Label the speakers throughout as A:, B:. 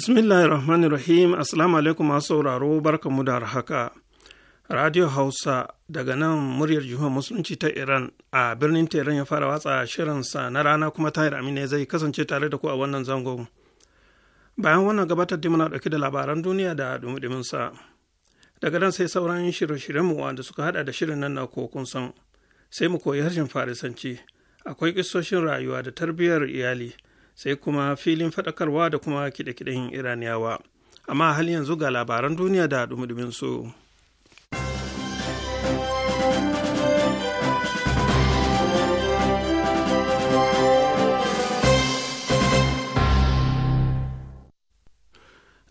A: Bismillahirrahmanirrahim. Assalamu alaikum masu sauraro mu da haka. Radio Hausa daga nan muryar Jihar Musulunci ta Iran a birnin Tehran ya fara watsa shirinsa na rana kuma Tahir Amine zai kasance tare da ku a wannan zangon. Bayan wannan gabatar da muna ɗauki da labaran duniya da dumudumin sa. Daga nan sai sauran shirye-shiryen mu wanda suka hada da shirin nan na kokun san. Sai mu koyi harshen Farisanci. Akwai kisoshin rayuwa da tarbiyyar iyali. sai kuma filin faɗakarwa da kuma kiɗe-kiɗen iraniyawa amma hal yanzu ga labaran duniya da dumudumin su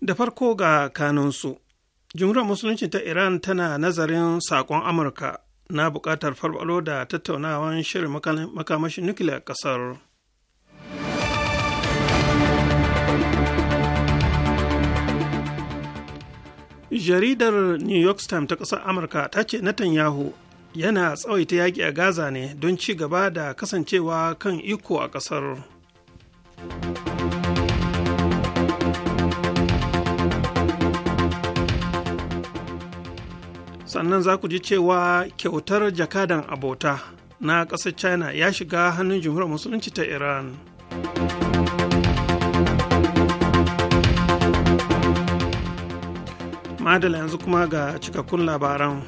A: da farko ga kanunsu jumhuriyar musulunci ta iran tana nazarin saƙon amurka na buƙatar farfalo da tattaunawan shirin makamashin nukiliyar ƙasar jaridar new york times ta ƙasar amurka ta ce netanyahu yana tsawaita yaƙi a gaza ne don ci gaba da kasancewa kan iko a ƙasar sannan za ku ji cewa kyautar jakadan abota na ƙasar china ya shiga hannun jamhuriyar musulunci ta iran adala yanzu kuma ga cikakkun labaran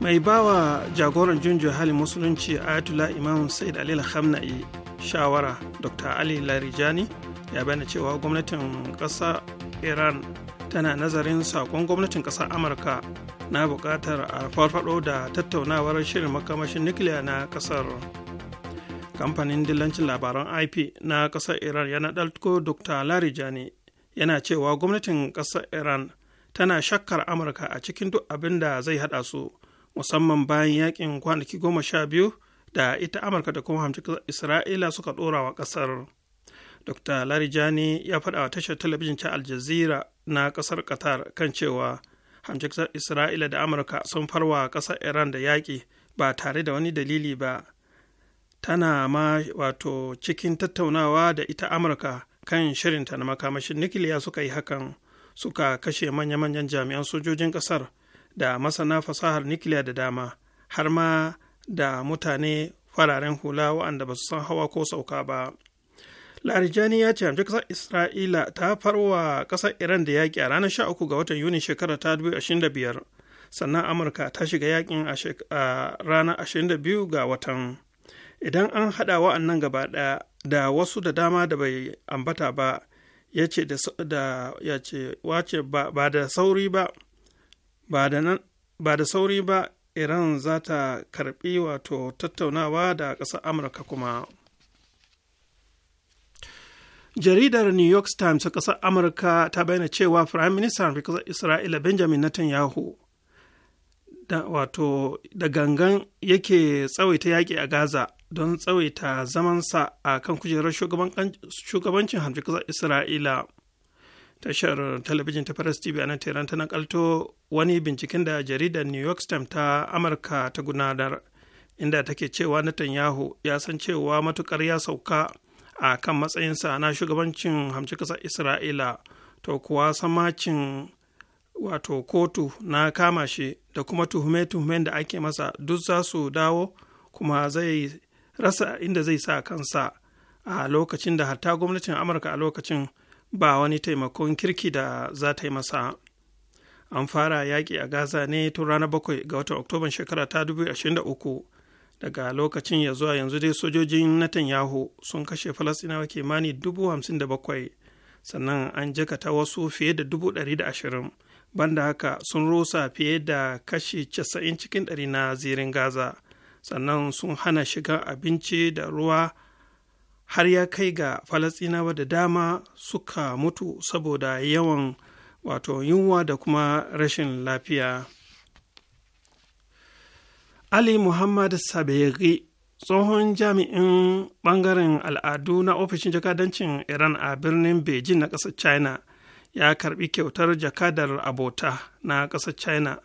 A: mai bawa jagoran junjo hali musulunci ayatollah imam said alil hamna'i shawara dr ali larijani ya bayyana cewa gwamnatin ƙasa iran tana nazarin sakon gwamnatin ƙasar amurka na buƙatar a farfado da tattaunawar shirin makamashin nukiliya na ƙasar kamfanin dillancin labaran ip na ƙasar iran yana ɗalko dr larijani yana cewa gwamnatin ƙasar iran tana shakkar amurka a cikin duk abin da zai haɗa su musamman bayan yakin kwanaki goma sha biyu da ita amurka da kuma hamci isra'ila suka ɗora wa ƙasar dr larijani ya faɗa wa tashar talabijin ta aljazira na ƙasar qatar kan cewa hamci isra'ila da amurka sun farwa ƙasar iran da yaƙi ba tare da wani dalili ba tana ma wato cikin tattaunawa da ita amurka kan shirinta na makamashin nukiliya suka yi hakan suka kashe manya-manyan jami'an sojojin kasar da masana fasahar nikiliya da dama har ma da mutane fararen hula waɗanda ba su san hawa ko sauka ba larijani ya ce amce kasar isra'ila ta farwa ƙasar iran da yaƙi a ranar 13 ga watan yuni shekarar ta 2025 sannan amurka ta shiga yaƙin a ranar 22 ga watan idan an haɗa wa'annan gaba ɗaya da wasu da dama da bai ambata ba ya ce ba da sauri ba ba da sauri ba iran za ta karbi wato tattaunawa da ƙasar amurka kuma jaridar new york times a ƙasar amurka ta bayyana cewa prime minister ƙasar isra'ila benjamin netanyahu da wato da gangan yake tsawaita yaƙi a gaza don tsawaita zamansa a kan kujerar shugabancin hamshin ƙasar isra'ila tashar talabijin ta paris tv a nan tehran ta wani binciken da jaridar new york times ta amurka ta gudanar inda take cewa netanyahu ya san cewa matukar ya sauka a kan matsayinsa na shugabancin hamci ƙasar isra'ila to kuwa samacin wato kotu na kama shi da kuma tuhume-tuhumen da ake masa duk za su dawo kuma zai rasa inda zai sa kansa a lokacin da hatta gwamnatin amurka a lokacin ba wani taimakon kirki da za ta yi masa an fara yaƙi a gaza ne tun ranar bakwai ga watan oktoban shekara ta 2023 daga lokacin ya zuwa yanzu dai sojojin natan netanyahu sun kashe falasinawa kimani 57,000 sannan an jakata wasu fiye da 120 banda haka sun rusa fiye da kashi 90 cikin ɗari na zirin gaza sannan sun hana shiga abinci da ruwa har ya kai ga falasinawa da dama suka mutu saboda yawan wato yunwa da kuma rashin lafiya ali muhammad saberi tsohon jami'in bangaren al'adu na ofishin jakadancin iran a birnin beijing na ƙasar china ya karbi kyautar jakadar abota na ƙasar china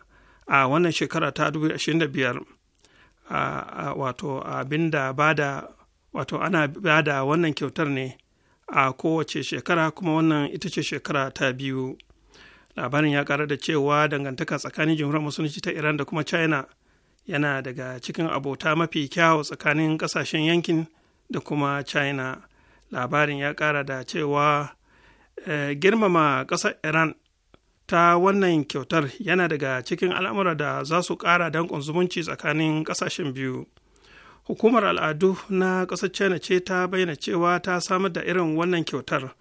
A: a wannan shekara ta 2025 wato wato ana bada wannan kyautar ne a kowace shekara kuma wannan ita ce shekara ta biyu labarin ya kara da cewa dangantaka tsakanin jamhuriyar musulunci ta iran da kuma china yana daga cikin abota mafi kyawu tsakanin kasashen yankin da kuma china labarin ya kara da cewa eh, girmama ƙasar iran ta wannan kyautar yana daga cikin al'amura da za su ƙara danƙon zumunci tsakanin ƙasashen biyu hukumar al'adu na ƙasar china ce ta bayyana cewa ta samar da irin wannan kyautar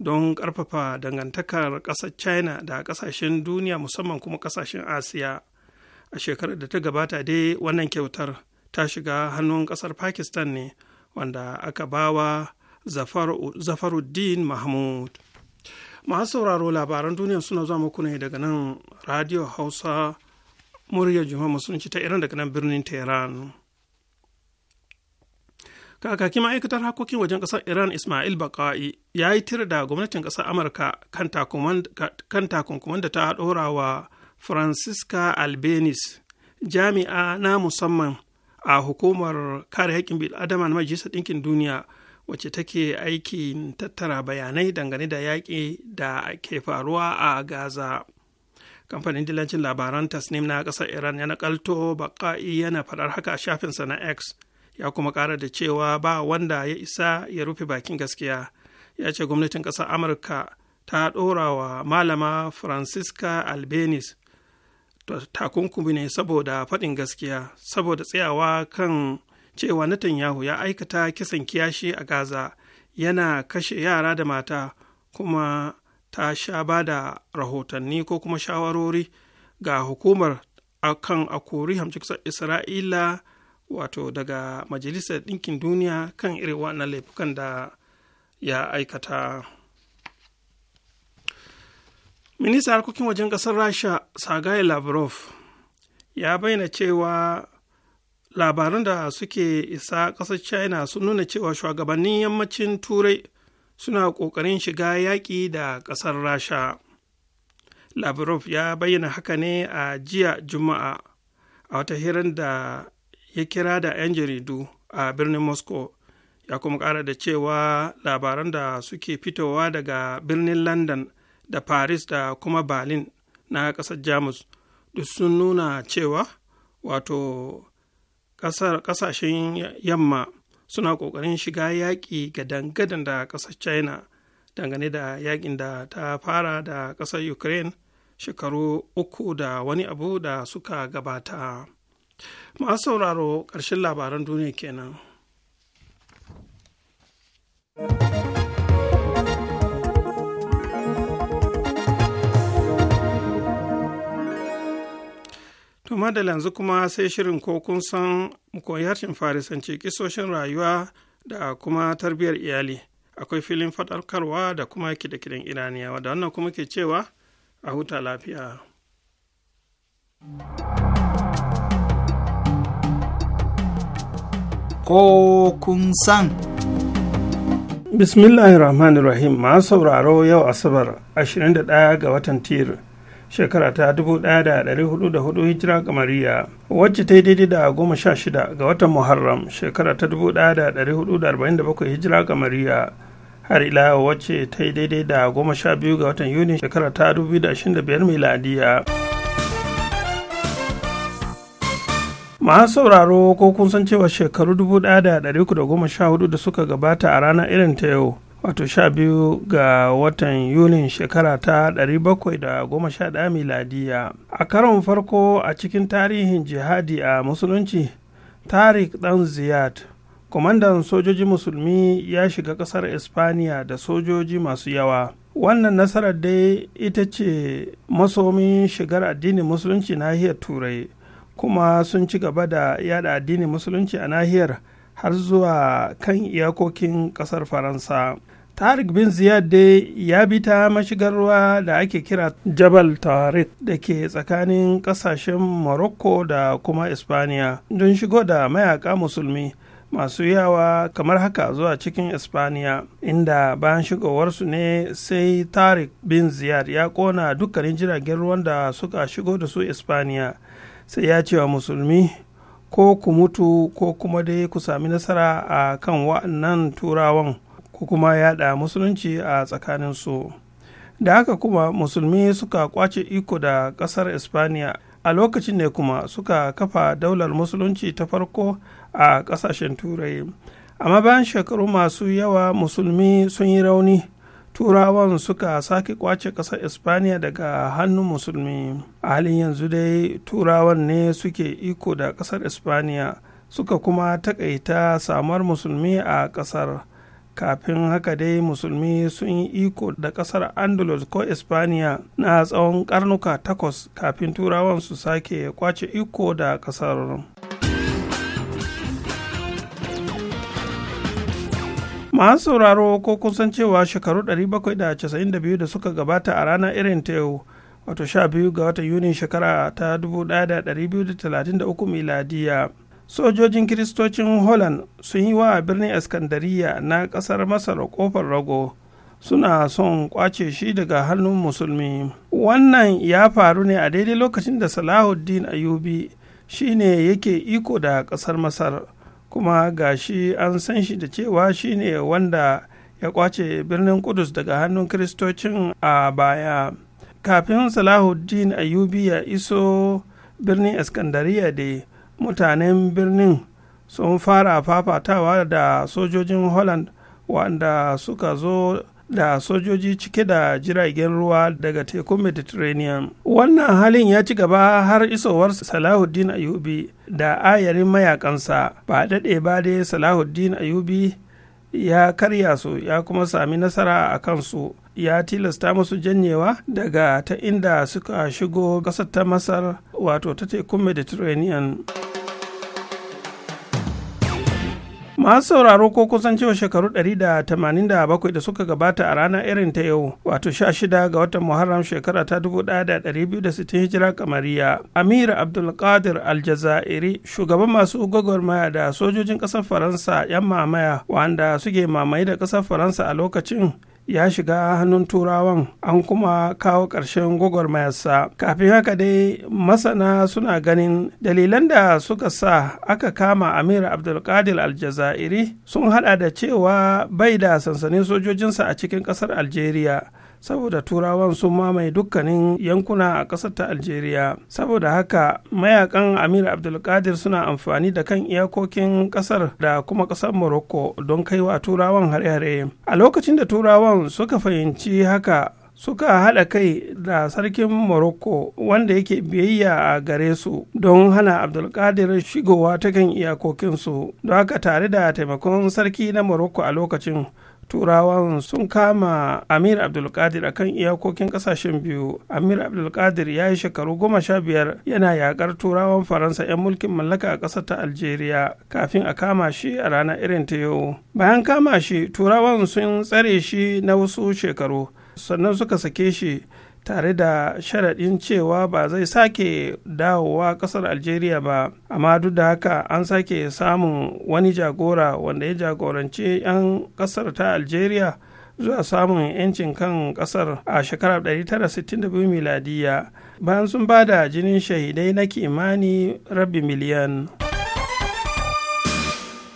A: don ƙarfafa dangantakar ƙasar china da ƙasashen duniya musamman kuma ƙasashen asiya a shekarar da ta gabata dai wannan kyautar ta shiga hannun ƙasar pakistan ne wanda aka bawa zafaruddin mahmud masu sauraro labaran duniya suna zuwa muku ne daga nan radio hausa muryar juma musulunci ta iran daga nan birnin tehran kakakin ma'aikatar harkokin wajen ƙasar iran ismail baka'i ya yi tira da gwamnatin ƙasar amurka kan takunkuman da ta ɗora wa francisca albenis jami'a na musamman a hukumar kare haƙƙin bil'adama na majalisar ɗinkin duniya wacce take aikin tattara bayanai dangane da yaƙi da ke faruwa a gaza kamfanin dilancin labaran tasnim na ƙasar iran yana ƙalto baƙa'i yana faɗar haka a shafinsa na x ya kuma ƙara da cewa ba wanda ya isa ya rufe bakin gaskiya ya ce gwamnatin ƙasar amurka ta ɗora wa malama francisca albanese takunkumi ne saboda faɗin gaskiya saboda tsayawa kan cewa Netanyahu ya aikata kisan kiyashi a Gaza yana kashe yara da mata kuma ta sha ba da rahotanni ko kuma shawarori ga hukumar akan a kori Isra'ila wato daga Majalisar Ɗinkin Duniya kan irin wannan laifukan da ya aikata. Ministan harkokin wajen ƙasar Rasha Sagai Lavrov ya bayyana cewa labaran da suke isa ƙasar china sun nuna cewa shugabannin yammacin turai suna ƙoƙarin shiga yaƙi da ƙasar rasha lavrov ya bayyana haka ne a jiya juma'a a wata hirar da ya kira da 'yan jaridu a birnin moscow ya kuma ƙara da cewa labaran da suke fitowa daga birnin london da paris da kuma berlin na ƙasar jamus duk sun nuna cewa wato ƙasar ƙasashen yamma suna ƙoƙarin shiga yaƙi ga dangadan da ƙasar china dangane da yaƙin da ta fara da ƙasar ukraine shekaru uku da wani abu da suka gabata masu sauraro ƙarshen labaran duniya kenan. To da yanzu kuma sai shirin ko kun san koyi harshen farisanci kisoshin rayuwa da kuma tarbiyyar iyali. Akwai filin faɗarkarwa da kuma kidakidan kiden Iraniyawa da wannan kuma ke cewa a huta lafiya. Ko kun san. Bismillahirrahmanirrahim masu sauraro yau Asabar 21 ga watan Tir. shekara ta 1404 hijira kamariya wacce ta yi daidai da goma sha shida ga watan muharram shekara ta 1447 hijira kamariya har ila wacce ta yi daidai da goma sha biyu ga watan yuni shekara ta 2025 miladiya masu sauraro ko kun san cewa shekaru 1314 da suka gabata a ranar irin ta yau wato sha biyu ga watan yulin shekara ta 711 miladiya a karon farko a cikin tarihin jihadi a musulunci tarik dan ziyad kwamandan sojoji musulmi ya shiga kasar espaniya da sojoji masu yawa wannan nasarar dai ita ce masomin shigar addinin musulunci nahiyar turai kuma sun ci gaba da yada addinin musulunci a nahiyar har zuwa kan iyakokin kasar faransa tarik bin Ziyad dai ya bi ta mashigar ruwa da ake kira Jabal tarik da ke tsakanin kasashen Morocco da kuma Espaniya don shigo da mayaka musulmi masu yawa kamar haka zuwa cikin Espaniya inda bayan shigowarsu ne sai tarik bin Ziyad ya kona dukkanin jiragen ruwan da suka shigo da su Espaniya sai ya ce wa musulmi ko ku mutu ko kuma dai ku sami nasara a kan wa'annan turawan. ko kuma yada musulunci a tsakanin su da haka kuma musulmi suka kwace iko da ƙasar Espaniya a lokacin ne kuma suka kafa daular musulunci ta farko a ƙasashen turai amma bayan shekaru masu yawa musulmi sun yi rauni turawan suka sake kwace ƙasar Espaniya daga hannun musulmi a halin yanzu dai turawan ne suke iko da ƙasar Espaniya suka kuma takaita samar musulmi a ƙasar kafin haka dai musulmi sun yi iko da kasar andalus ko espaniya na tsawon karnuka takwas kafin turawan su sake kwace iko da kasar masu sauraro ko kun cewa shekaru 792 da suka gabata a ranar irin ta yau wato 12 ga watan yuni shekara ta 1233 miladiya sojojin kiristocin holland sun yi wa birnin iskandariya na ƙasar masar ƙofar rago suna son kwace shi daga hannun musulmi wannan ya faru ne a daidai lokacin da salahuddin ayubi shine yake iko da ƙasar masar kuma ga shi an san shi da cewa shine wanda ya kwace birnin kudus daga hannun kiristocin a baya kafin salahuddin ayubi ya iso birnin iskandariya dai mutanen birnin sun fara fafatawa da sojojin holland wanda suka zo da sojoji cike da jiragen ruwa daga tekun mediterranean wannan halin ya ci gaba har isowar salahuddin ayubi da ayarin mayakansa ba daɗe ba dai salahuddin ayubi ya karya su ya kuma sami nasara a kansu ya tilasta musu janyewa daga ta inda suka shigo ƙasar ta masar wato ta tekun mediterranean masu sauraro ko kusan cewa shekaru 187 da suka gabata a ranar irin ta yau wato 16 ga watan muharram shekara ta 1260 hijira kamariya amir abdulkadir aljazairi shugaban masu gwagwarmaya da sojojin ƙasar faransa yan mamaya wanda suke mamaye da ƙasar faransa a lokacin ya shiga hannun turawan an kuma kawo ƙarshen gwagwarmayarsa kafin haka dai masana suna ganin dalilan da suka sa aka kama amir abdulkadir aljazairi sun hada da cewa bai da sansanin sojojinsa a cikin ƙasar algeria saboda turawan sun mamaye dukkanin yankuna a ƙasar ta algeria saboda haka mayakan amir abdulkadir suna amfani da kan iyakokin ƙasar da kuma ƙasar morocco don kaiwa turawan hare-hare a lokacin da turawan suka fahimci haka suka haɗa kai da sarkin morocco wanda yake biyayya a gare su don hana abdulkadir shigowa ta kan iyakokinsu don haka tare da taimakon sarki na morocco a lokacin turawan sun kama amir abdulkadir akan iyakokin kasashen biyu amir abdulkadir ya yi shekaru goma sha biyar yana yakar turawan faransa 'yan mulkin mallaka a ƙasar ta algeria kafin a kama shi a rana irin ta yau bayan kama shi turawan sun tsare shi na wasu shekaru sannan suka sake shi tare da sharaɗin cewa ba zai sake dawowa ƙasar algeria ba amma duk da haka an sake samun wani jagora wanda ya jagorance 'yan ƙasar ta algeria zuwa samun 'yancin kan ƙasar a shekarar 1962 miladiya bayan sun ba da jinin shahidai na kimani rabi miliyan.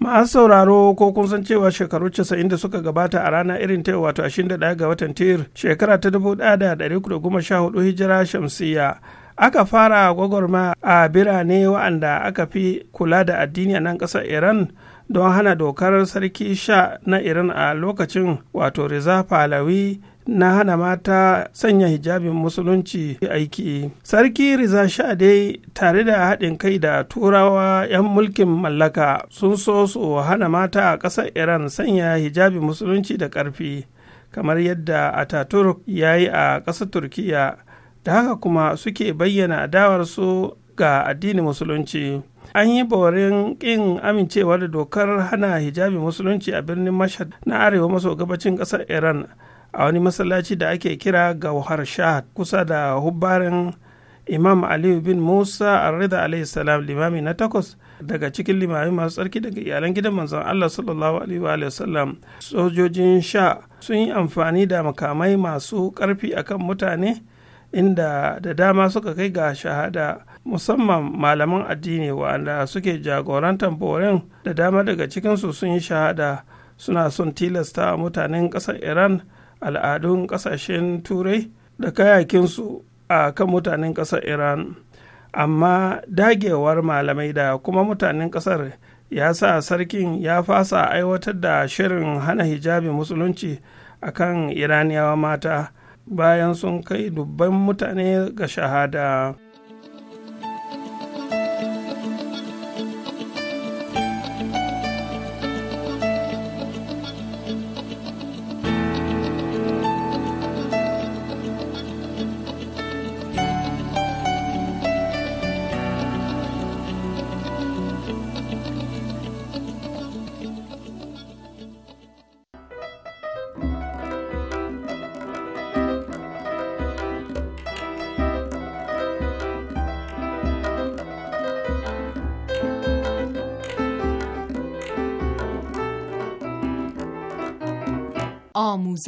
A: ma'an sauraro ko kun san cewa shekaru 90 da suka gabata a rana irin ta wato 21 ga watan tir shekara ta 1114 hijira shamsiyya aka fara gwagwarma a birane wa'anda aka fi kula da addini a nan ƙasar iran don hana dokar sarki sha na iran a lokacin wato riza pahlavi na hana mata sanya hijabin musulunci aiki sarki riza shade tare da haɗin kai da turawa 'yan mulkin mallaka sun so su hana mata a ƙasar iran sanya hijabin musulunci da ƙarfi kamar yadda ataturk ya yi a ƙasar turkiya da haka kuma suke bayyana adawarsu ga addinin musulunci an yi borin ƙin amincewa da dokar hana hijabin musulunci a birnin mashad na arewa maso gabacin ƙasar iran a wani masallaci da ake kira gauhar shahad kusa da hubbarin imam aliyu bin musa arrida alayhi salam limami na takwas daga cikin limami masu tsarki daga iyalan gidan manzon allah sallallahu alaihi wa sallam sojojin sha sun yi amfani da makamai masu karfi akan mutane inda da dama suka kai ga shahada musamman malaman addini wa'anda suke jagorantar borin da dama daga cikinsu sun yi shahada suna son tilasta mutanen ƙasar iran al'adun ƙasashen turai da kayakinsu a kan mutanen ƙasar iran amma dagewar malamai da kuma mutanen ƙasar ya sa sarkin ya fasa aiwatar da shirin hana hijabi musulunci a kan iraniyawa mata bayan sun kai dubban mutane ga shahada.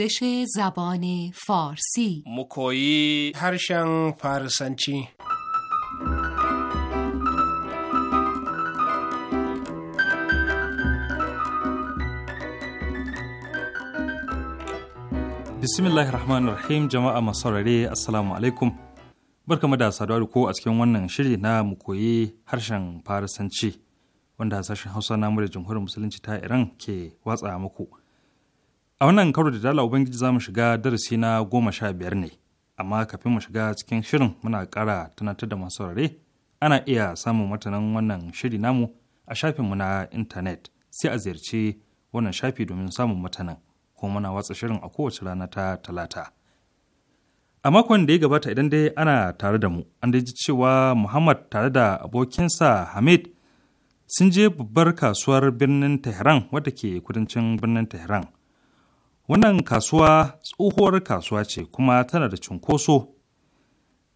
B: آموزش زبان فارسی
C: مکویی هرشن فارسنچی bismillahir rahmanir rahim jama'a masu saurare assalamu alaikum barkamu da saduwa ko a cikin wannan shiri na mu koyi harshen farisanci wanda sashen hausa na da jamhuriyar musulunci ta iran ke watsa muku A wannan karo da dala Ubangiji za mu shiga darasi na goma sha biyar ne, amma kafin mu shiga cikin shirin muna ƙara tunatar da masu saurare ana iya samun matanan wannan shiri namu a shafin mu na intanet sai a ziyarci wannan shafi domin samun matanan ko muna watsa shirin a kowace rana ta talata. A makon da ya gabata idan dai ana tare da mu, an dai ji cewa Muhammad tare da abokinsa Hamid sun je babbar kasuwar birnin Tehran wadda ke kudancin birnin Tehran Wannan kasuwa tsohuwar kasuwa ce kuma tana da cunkoso.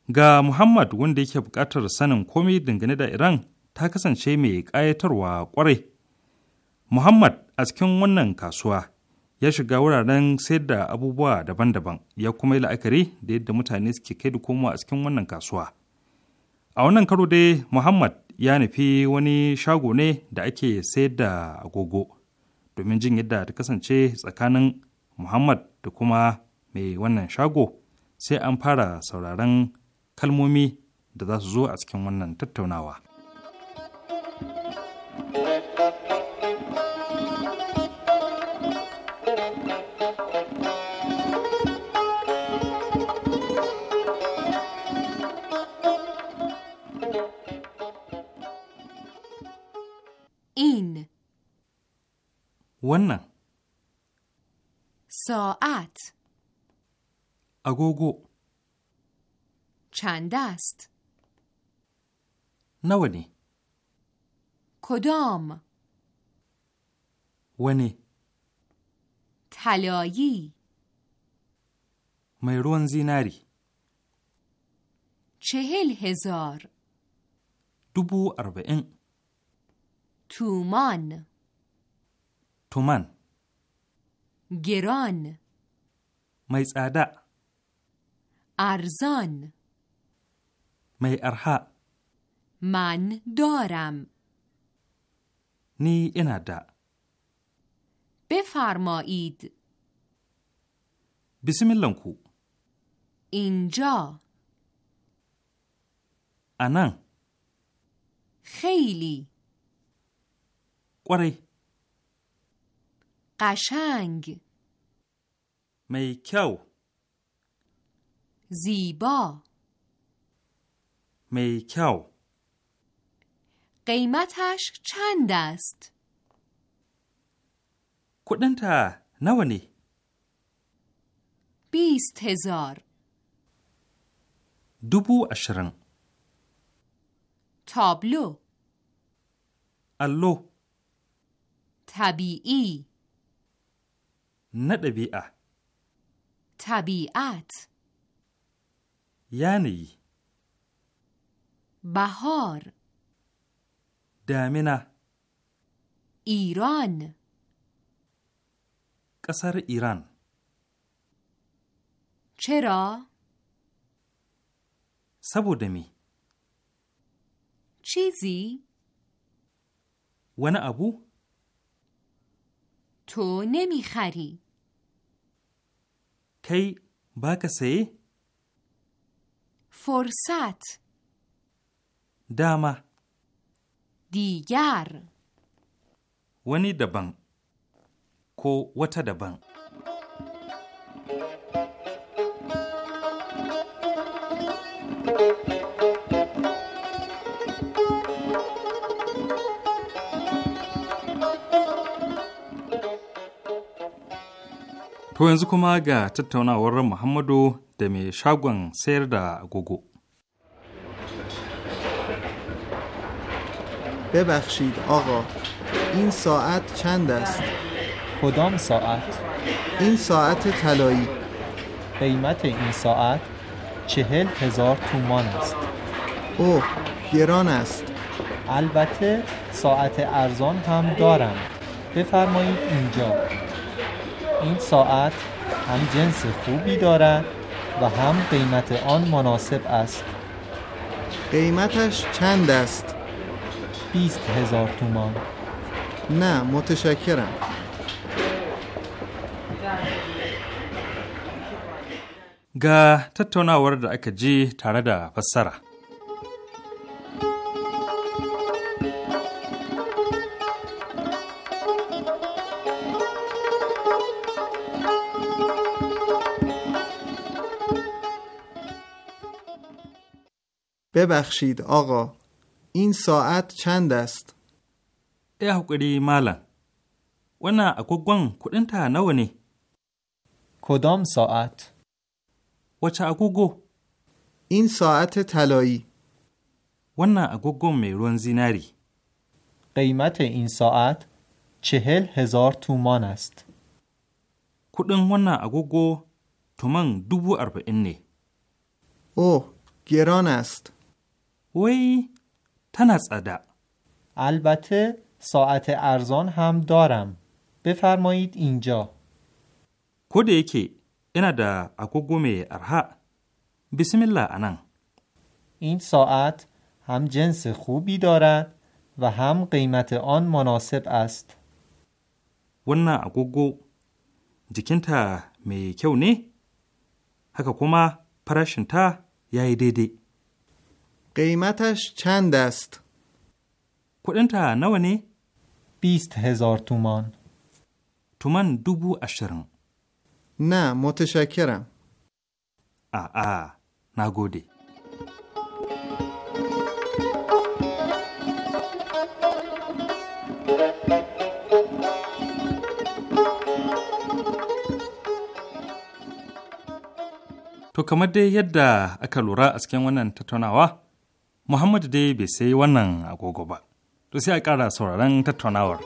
C: Ga Muhammad wanda yake buƙatar sanin komai dangane da Iran ta kasance mai ƙayatarwa ƙwarai. Muhammad a cikin wannan kasuwa ya shiga wuraren sayar da abubuwa daban-daban ya kuma yi la'akari da yadda mutane suke kai da komowa a cikin wannan kasuwa. A wannan karo dai Muhammad ya nufi wani shago ne da ake sayar da agogo domin jin yadda ta kasance tsakanin muhammad da kuma mai wannan shago sai an fara sauraron kalmomi da za su zo a cikin wannan tattaunawa. wannan
B: ساعت اگوگو چند است؟ نونی کدام؟ ونی تلایی
C: میرون زیناری
B: چهل هزار
C: دوبو اربعین
B: تومان تومان گران می ارزان
C: می ارها
B: من دارم
C: نی اندا
B: بفرمایید
C: بسم الله کو
B: اینجا انا خیلی قره قشنگ
C: میکو
B: زیبا
C: میکو
B: قیمتش چند است؟
C: تا نوانی
B: بیست هزار
C: دوبو اشرن
B: تابلو الو طبیعی نه طبیعت
C: یعنی
B: بهار دامنه ایران
C: قصر ایران
B: چرا؟
C: سبودمی
B: چیزی؟
C: ونه ابو؟
B: تو نمیخری
C: kai baka saye?
B: Forsat Dama Digyar
C: Wani daban ko wata daban. To yanzu kuma ga tattaunawar Muhammadu da mai shagon sayar
D: ببخشید آقا این ساعت چند است؟ کدام ساعت؟ این ساعت طلایی قیمت این ساعت چهل هزار تومان است اوه گران است البته ساعت ارزان هم دارم بفرمایید اینجا این ساعت هم جنس خوبی دارد و هم قیمت آن مناسب است قیمتش چند است؟ بیست هزار تومان نه متشکرم
C: گه تتونه ورد اکجی ji پسره
D: ببخشید آقا این ساعت چند است؟
C: ای حقیقی مالا ونا اگوگون کدن تا نوانی کدام ساعت؟
D: وچه اگوگو این ساعت طلایی ونا اگوگون میرون زیناری قیمت این ساعت
C: چهل هزار تومان است کدن ونا اگوگو تومان
D: دوبو اربعین نه اوه گران است وی تنصده البته ساعت ارزان هم دارم بفرمایید اینجا کده که اینا دا اگوگو گومه ارها بسم الله انان این ساعت هم جنس خوبی دارد و هم قیمت آن مناسب است گو جکن تا می کیو ne
C: کما kuma تا یای قیمتش
D: چند است؟ کدنتا نو نه؟ بیست هزار تومان تومان دوبو اشرن نه متشکرم
C: آ آ نگودی To kamar dai yadda aka lura a cikin wannan tattaunawa Muhammadu dai bai sai wannan agogo ba. To sai a ƙara sauraron tattaunawar.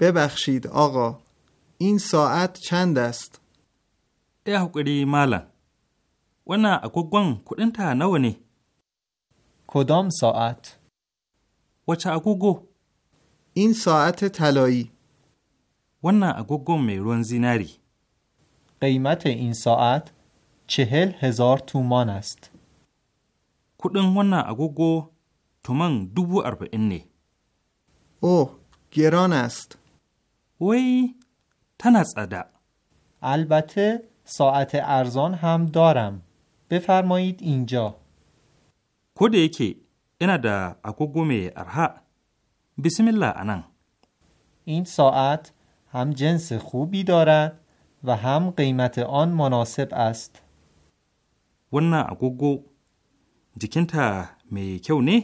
D: ببخشید آقا این ساعت چند است؟
C: ای حقری مالا ونا اگوگوان کدنتا نوه نه کدام ساعت؟
D: وچه اگوگو این ساعت تلایی ون اگوگو میروو زینری قیمت این ساعت ۴
C: هزار تومان است کودون ون اگوگو تومن دوبو
D: اربی نه او گران است وی تنسده البته ساعت ارزان هم دارم بفرمایید اینجا کود یکه انا د اگوگو مa ارها بسمالا ا نان این ساعت هم جنس خوبی دارد و هم قیمت آن مناسب است ونا اگوگو جiکنتa مe کyaو نe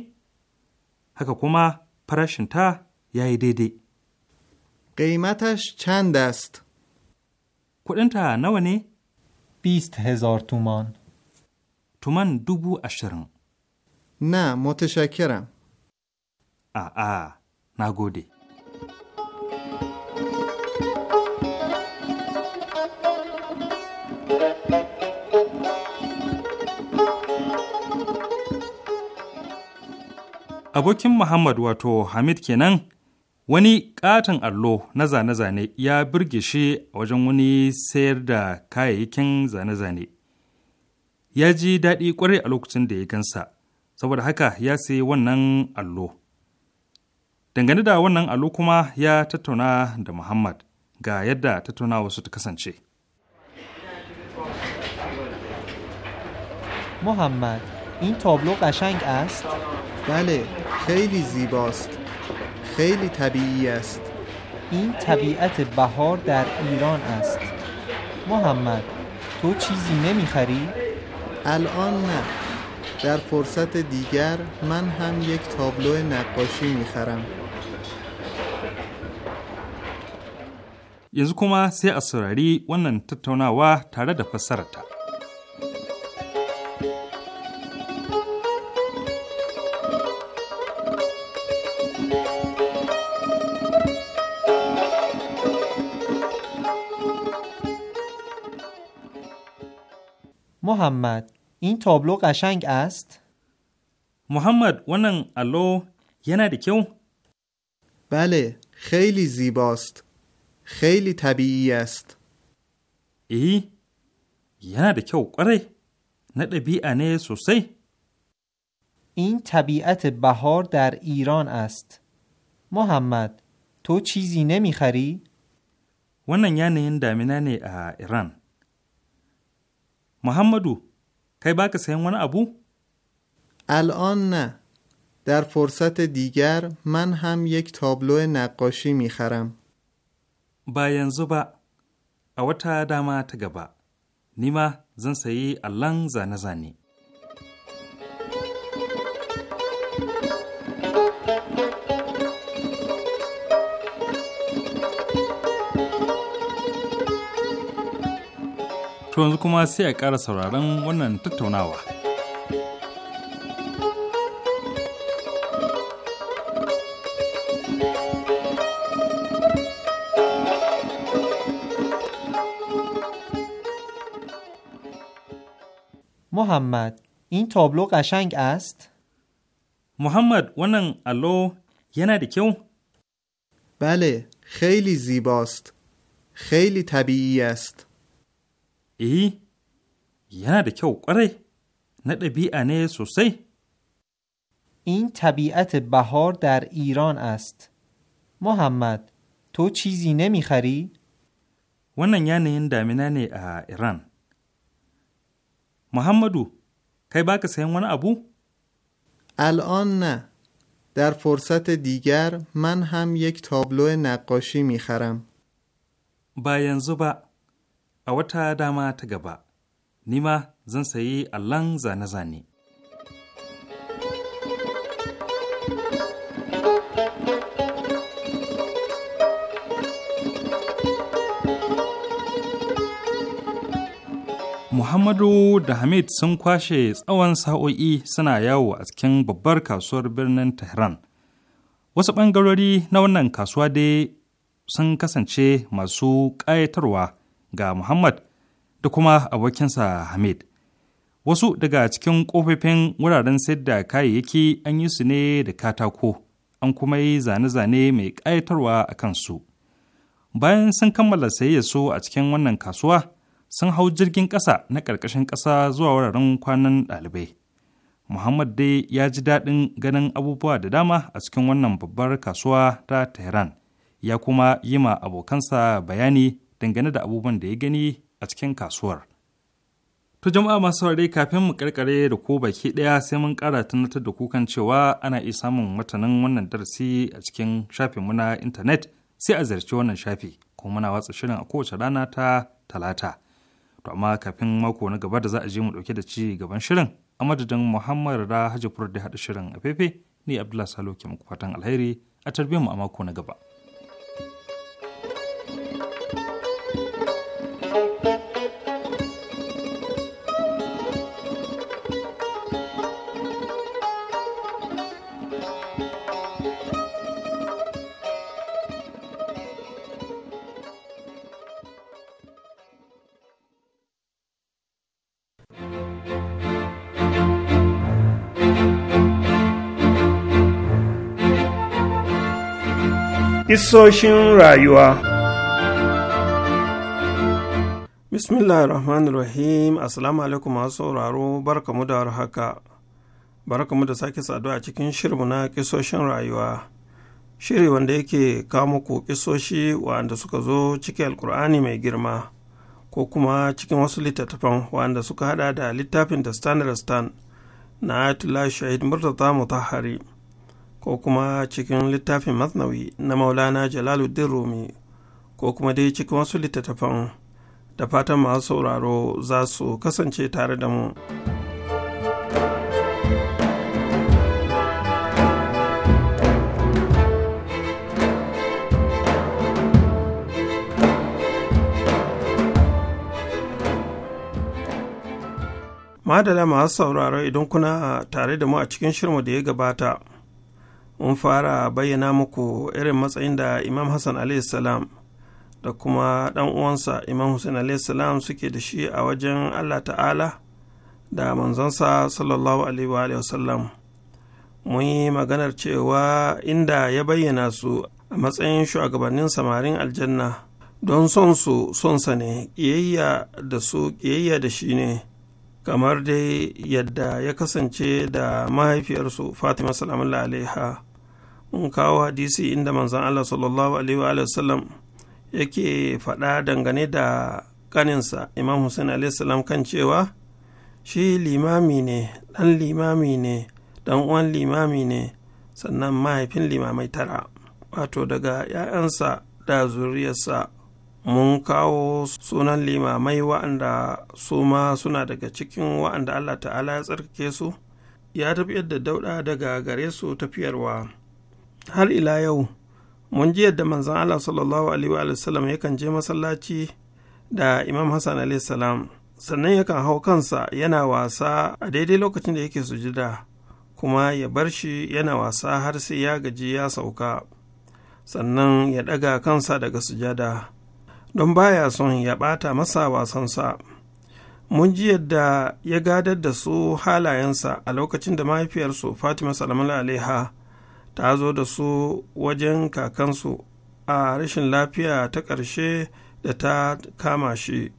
C: hکa کuمa فراشhنته یا دیدی قیمتش چند است کɗنت نو ن بیست هزار تومان تومن دبو عشرین نه متشکرم آ آ نگودی abokin Muhammad wato Hamid kenan wani katon allo na zane-zane ya birge shi a wajen wani sayar da kayayyakin zane-zane. Ya ji daɗi ƙwarai a lokacin da ya gansa, saboda haka ya sayi wannan allo dangane da wannan allo kuma ya tattauna da muhammad ga yadda tattaunawa su ta kasance
D: Muhammad, in tablo قشنگ ast? Bale, خیلی زیباست خیلی طبیعی است این طبیعت بهار در ایران است محمد تو چیزی نمیخری؟ الان نه در فرصت دیگر من هم یک تابلو نقاشی میخرم
C: yanzu kuma sai a saurari wannan tattaunawa tare da fassararta.
D: محمد
C: این تابلو قشنگ است؟ محمد ونن الو یه کیو؟ بله خیلی زیباست خیلی طبیعی است ای یه کیو قره
D: نه طبیعه سوسی این طبیعت بهار در ایران است محمد تو چیزی نمیخری؟
C: ونن یعنی ا ایران محمدو
D: kai baka sayan wani abu? Al’on na, dar fursat digar man ham yake tablo naƙashi mi haram.
C: Ba yanzu ba, a wata dama ta gaba, ni ma zan sayi allon zane-zane. To yanzu kuma sai a ƙara sauraron wannan tattaunawa.
D: محمد این تابلو قشنگ است؟ محمد ونن
C: الو یه کیو؟ بله خیلی زیباست خیلی طبیعی است ای یه ده کیو
D: قره نه نه این طبیعت بهار در ایران است محمد تو چیزی نمیخری؟ wannan yanayin damina ne ایران محمدو Muhammadu, باک سین sayan ابو الان نه. در فرصت دیگر من هم یک تابلو نقاشی میخرم.
C: با ینزو با A wata dama ta gaba, nima zan sayi allon zane-zane. Muhammadu da Hamid sun kwashe tsawon sa'o'i suna yawo a cikin babbar kasuwar birnin Tehran. Wasu ɓangarori na wannan kasuwa dai sun kasance masu ƙayatarwa ga Muhammad da kuma abokinsa Hamid. Wasu daga cikin ƙofofin wuraren sayar da kayayyaki an yi su ne da katako, an kuma yi zane-zane mai ƙayatarwa a kansu. Bayan sun kammala sayayya su a cikin wannan kasuwa, sun hau jirgin ƙasa na ƙarƙashin ƙasa zuwa wuraren kwanan ɗalibai. Muhammad dai ya ji daɗin ganin abubuwa da dama a cikin wannan babbar kasuwa ta Tehran, ya kuma yi ma abokansa bayani dangane da abubuwan da ya gani a cikin kasuwar. To jama'a masu saurare kafin mu karkare da ko baki ɗaya sai mun ƙara tunatar da kukan cewa ana iya samun matanin wannan darasi a cikin shafinmu na intanet sai a ziyarci wannan shafi kuma muna watsa shirin a kowace rana ta talata. To amma kafin mako na gaba da za a je mu ɗauke da ci gaban shirin a madadin Muhammad da Hajji da haɗa shirin a fefe ni Abdullahi Salo ke muku fatan alheri a tarbiyyar mu a mako na gaba.
A: Isoshin rayuwa Bismillahir Rahim Assalamu alaikum masu sauraro barkamu da haka barkamu da sake saduwa a cikin shirmu na kisoshin rayuwa shiri wanda yake kawo ku kisoshi wanda suka zo cikin alkur'ani mai girma ko kuma cikin wasu littattafan wanda suka hada da littafin da standard stand na Atula Shahid Murtaza Mutahari ko kuma cikin littafin masnawi na maulana jalaluddin rumi ko kuma dai cikin wasu littattafan da fatan masu sauraro za su kasance tare da mu. Madala masu sauraro idan kuna tare da mu a cikin shirmu da ya gabata. mun fara bayyana muku irin matsayin da imam hassan salam da kuma ɗan uwansa imam hussein salam suke da shi a wajen allah ta'ala da manzansa sallallahu alaihi wasallam mun yi maganar cewa inda ya bayyana su a matsayin shugabannin samarin aljanna don son su sonsa ne ƙiyayya da su ƙiyayya da shi ne kamar dai yadda ya kasance da mahaifiyarsu fatima salamun alaiha mun kawo hadisi inda manzan Allah sallallahu alaihi wa yake faɗa dangane da ƙaninsa Imam Hussein alaihi salam kan cewa shi limami ne ɗan limami ne ɗan uwan limami ne sannan mahaifin limamai tara wato daga ‘ya'yansa da zuriyarsa mun kawo sunan limamai wa'anda su ma suna daga cikin wa'anda Allah ta'ala ya tsarkake su ya tafiyar da dauɗa daga gare su tafiyarwa har ila yau mun ji yadda manzon Allah sallallahu alaihi wa sallam yakan je masallaci da Imam Hassan alaihi salam sannan yakan hau kansa yana wasa a daidai lokacin da yake sujida kuma ya bar shi yana wasa har sai ya gaji ya sauka sannan ya ɗaga kansa daga sujada don baya son ya ɓata masa wasansa mun ji yadda ya gadar da su halayensa a lokacin da mahaifiyarsu fatima salamun alaiha ta zo da su wajen kakansu a rashin lafiya ta ƙarshe da ta kama shi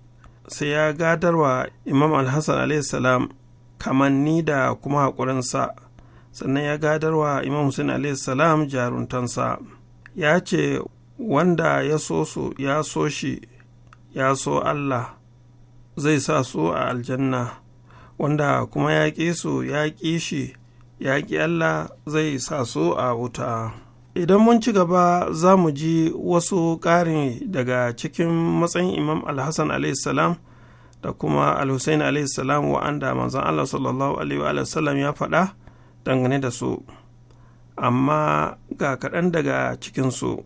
A: sai ya gadarwa imam alhassan salam kamanni da kuma haƙurinsa sannan ya gadarwa imam hussein salam jaruntansa ya ce wanda ya so su ya so shi ya so allah zai sa su a aljanna wanda kuma ya ƙi su ya ƙi shi yaƙi Allah zai sa su a wuta. Idan mun ci gaba za mu ji wasu ƙarin daga cikin matsayin Imam Alhassan salam da kuma Alhussein salam wa'anda manzon Allah sallallahu Alaihi wasallam ya faɗa dangane da su, amma ga kaɗan daga cikinsu.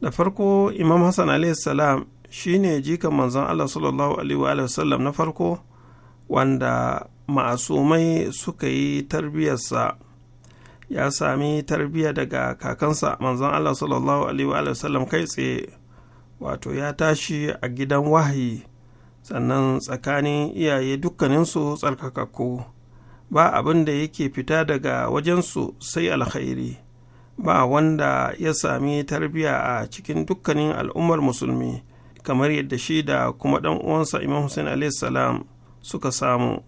A: Da farko Imam Hassan salam shi ne jikan manzon Allah sallallahu Alaihi wasallam na farko wanda ma'asumai suka yi tarbiyarsa ya sami tarbiyya daga kakansa manzon Allah sallallahu alaihi wa sallam kai tsaye wato ya tashi a gidan wahayi sannan tsakanin iyaye dukkaninsu tsarkakakku ba abin da yake fita daga wajensu sai alkhairi ba wanda ya sami tarbiyya a cikin dukkanin al'ummar musulmi kamar yadda shi da kuma ɗan uwansa imam hussein salam suka samu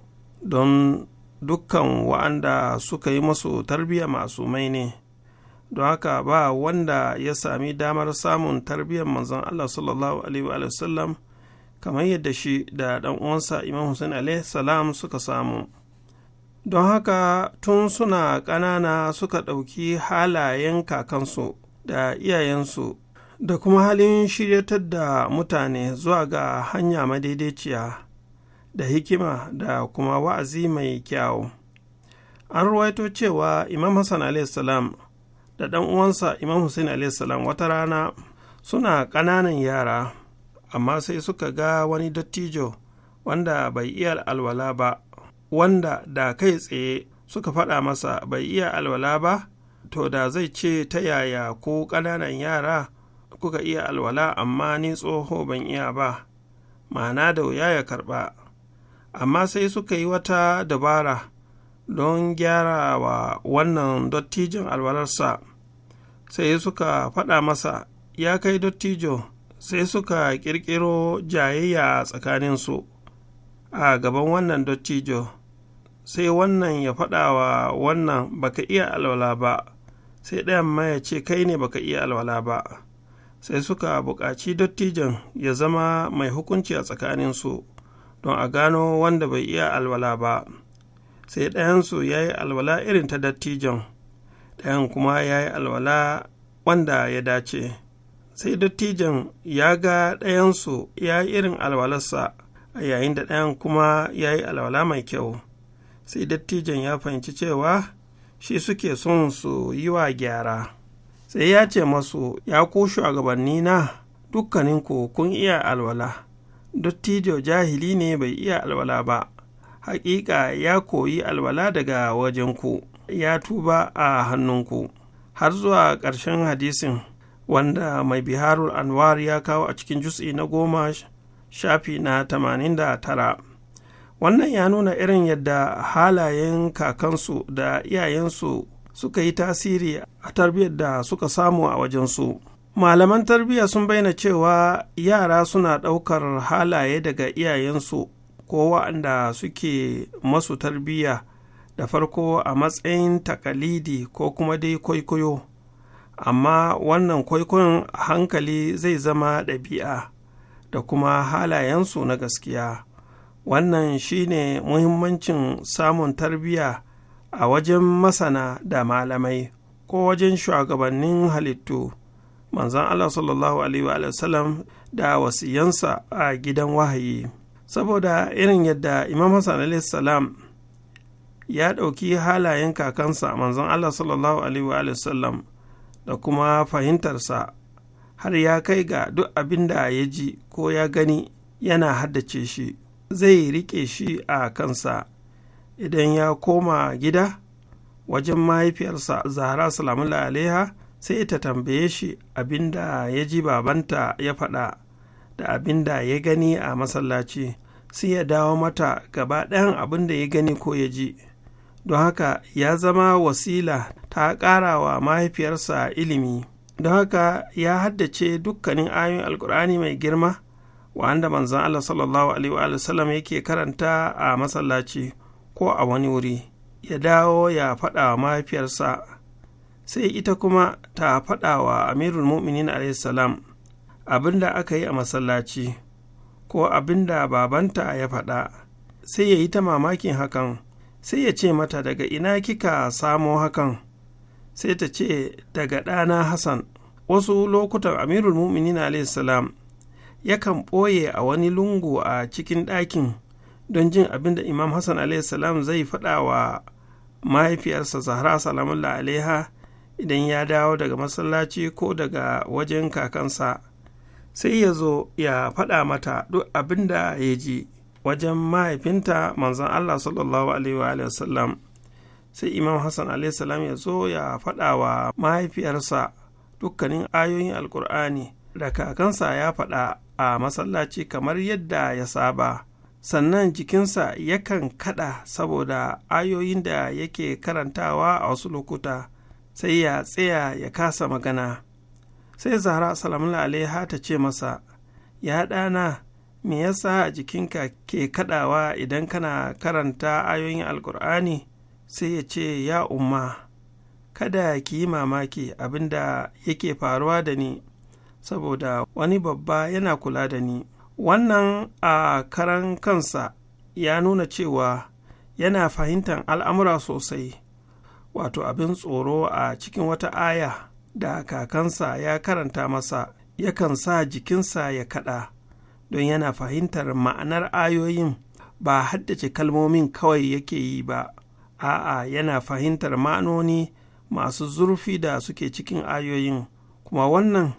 A: don dukkan wa'anda suka yi masu tarbiyya masu ne don haka ba wanda ya sami damar samun tarbiyyar manzon Allah sallallahu alaihi wasallam kamar yadda shi da ɗan uwansa Imam Hussein alaihi salam suka samu don haka tun suna ƙanana suka ɗauki halayen kakansu da iyayensu da kuma halin shiryatar da mutane zuwa ga hanya madaidaiciya da hikima da kuma wa'azi mai kyawu, an ruwaito cewa imam hassan salam da ɗan uwansa imam hussein salam wata rana suna ƙananan yara amma sai suka ga wani dattijo wanda bai iya alwala ba wanda da kai tsaye suka faɗa masa bai iya alwala ba to da zai ce ta yaya ko ƙananan yara kuka iya alwala amma ni tsoho ban iya ba ma'ana da wuya ya karɓa amma sai suka yi wata dabara don gyara wa wannan dottijon alwalarsa sai suka faɗa masa ya kai dottijo sai suka ƙirƙiro jayayya tsakaninsu a gaban wannan dottijo sai wannan ya faɗa wa wannan baka iya alwala ba sai ɗayan ma ya ce kai ne baka iya alwala ba sai suka buƙaci dottijon ya zama mai hukunci a tsakaninsu don a gano wanda bai iya alwala ba sai ɗayansu ya yi alwala irin ta dattijon ɗayan kuma ya yi alwala wanda ya dace sai dattijon ya ga ɗayansu ya yi irin alwalarsa a yayin da ɗayan kuma ya yi alwala mai kyau sai dattijon ya fahimci cewa shi suke son su yi wa gyara sai ya ce masu ya ku shugabanni na dukkaninku kun iya alwala dottijo jahili ne bai iya alwala ba Haƙiƙa ya koyi alwala daga wajenku. ya tuba a hannunku har zuwa ƙarshen hadisin wanda mai biharul anwar ya kawo a cikin jus'i na goma shafi na tamanin da tara wannan ya nuna irin yadda halayen kakansu da iyayensu suka yi tasiri a tarbiyyar da suka samu a wajensu malaman tarbiyya sun bayyana cewa yara suna ɗaukar halaye daga iyayensu ko wa'anda suke masu tarbiyya da farko a matsayin takalidi ko kuma dai kwaikwayo amma wannan kwaikwayon hankali zai zama ɗabi'a da kuma halayensu na gaskiya wannan shine muhimmancin samun tarbiyya a wajen masana da malamai ko wajen shugabannin halittu manzan Allah sallallahu alaihi wa da wasiyansa a gidan wahayi saboda irin yadda Imam Hassan alaihi salam ya ɗauki halayen kakansa manzan Allah sallallahu alaihi wa da kuma fahimtarsa har ya kai ga duk abin da ya ji ko ya gani yana haddace shi zai riƙe shi a kansa idan ya koma gida wajen mahaifiyarsa zahra salamullah alaiha sai ta tambaye shi abin da ya ji babanta ya faɗa da abin da ya gani a masallaci sai ya dawo mata gaba ɗayan abin da ya gani ko ya ji don haka ya zama wasila ta ƙara wa mahaifiyarsa ilimi don haka ya haddace dukkanin ayoyin alkur'ani mai girma wanda manzan Allah sallallahu alaihi wa sallam yake karanta a masallaci ko a wani wuri ya dawo ya faɗa wa mahaifiyarsa sai ita kuma ta faɗa wa amirul mu'minin salam abin da aka yi a masallaci ko abin da babanta ya faɗa sai ya yi ta mamakin hakan sai ya ce mata daga ina kika samo hakan sai ta ce daga ɗana hassan wasu lokutan amirul mu'minin salam yakan ɓoye a wani lungu a cikin ɗakin don jin abin da imam hassan salam zai faɗa wa mahaifiyarsa zahra salamullah alaiha idan ya dawo daga masallaci ko daga wajen kakansa sai ya zo ya faɗa mata duk abin da ya ji wajen mahaifinta manzon Allah sallallahu alaihi wasallam sai imam Hassan alaihi ya zo ya faɗa wa mahaifiyarsa dukkanin ayoyin alkur'ani da kakansa ya faɗa a masallaci kamar yadda ya saba sannan jikinsa yakan kaɗa saboda ayoyin da yake karantawa a wasu lokuta sai ya tsaya ya kasa magana sai zahra salamula alaiha ta ce masa ya ɗana me yasa jikinka ke kaɗawa idan kana karanta ayoyin alkur'ani sai ya ce ya umma kada ki yi mamaki abinda yake faruwa da ni saboda wani babba yana kula da ni wannan a karan kansa ya nuna cewa yana fahimtar al'amura sosai wato abin tsoro a cikin wata aya da kakansa ya karanta masa yakan sa jikinsa ya kaɗa don yana fahimtar ma'anar ayoyin ba haddace kalmomin kawai yake yi ba a'a yana fahimtar ma'anoni masu zurfi da suke cikin ayoyin kuma wannan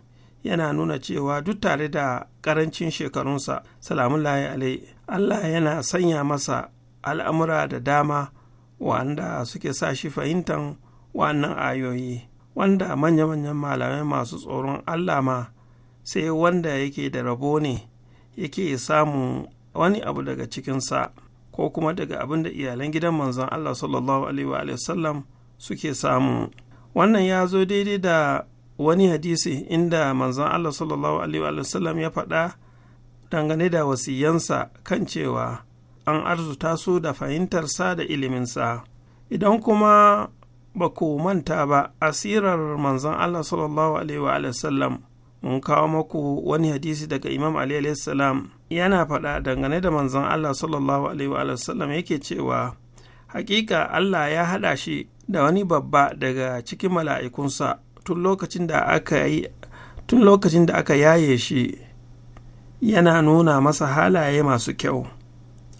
A: yana nuna cewa duk tare da ƙarancin shekarunsa layi alai Allah yana sanya masa al'amura da dama wanda suke sa shi fahimtan wannan ayoyi wanda manya-manyan malamai masu tsoron allah ma sai wanda yake da rabo ne yake samu wani abu daga cikinsa ko kuma daga abin da iyalan gidan manzon allah sallallahu alaihi wa suke samu wannan ya zo daidai da wani hadisi inda manzon allah sallallahu alaihi wa ya faɗa dangane da wasiyansa kan cewa an arzuta su da fahimtarsa da iliminsa idan kuma ba ku manta ba asirar manzon Allah sallallahu alaihi sallam mun kawo maku wani hadisi daga imam ali salam yana faɗa dangane da manzon Allah sallallahu alaihi wa sallam yake cewa hakika Allah ya haɗa shi da wani babba daga cikin mala'ikunsa tun lokacin da aka yaye shi yana nuna masa halaye masu kyau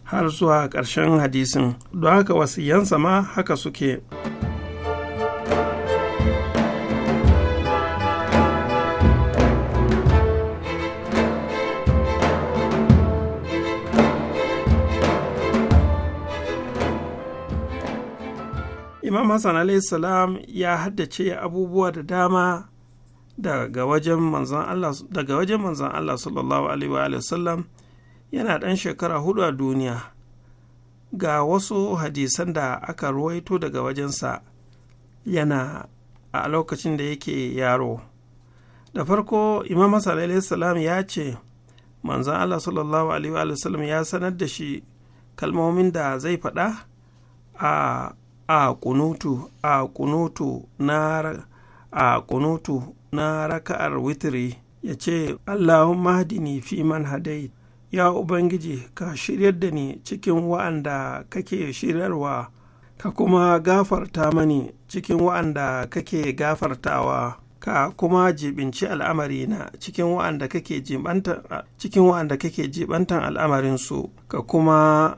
A: har zuwa ƙarshen hadisin don haka wasiyansa ma haka suke imam hassan salam ya haddace abubuwa da dama daga wajen manzon allah sallallahu alaihi wa sallam yana ɗan shekara hudu a duniya ga wasu hadisan da aka ruwaito daga wajensa yana a lokacin da yake yaro da farko imam hassan salam ya ce manzan allah sallallahu alaihi wasallam ya sanar da shi kalmomin da zai faɗa a a kunutu a kunutu na a kunutu na raka'ar witiri ya ce allahumma hadini fi man hadait ya ubangiji ka shiryar da ni cikin wa'anda kake shiryarwa ka kuma gafarta mani cikin wa'anda kake gafartawa ka kuma jibinci al'amarina cikin wa'anda kake jibantan al'amarinsu ka kuma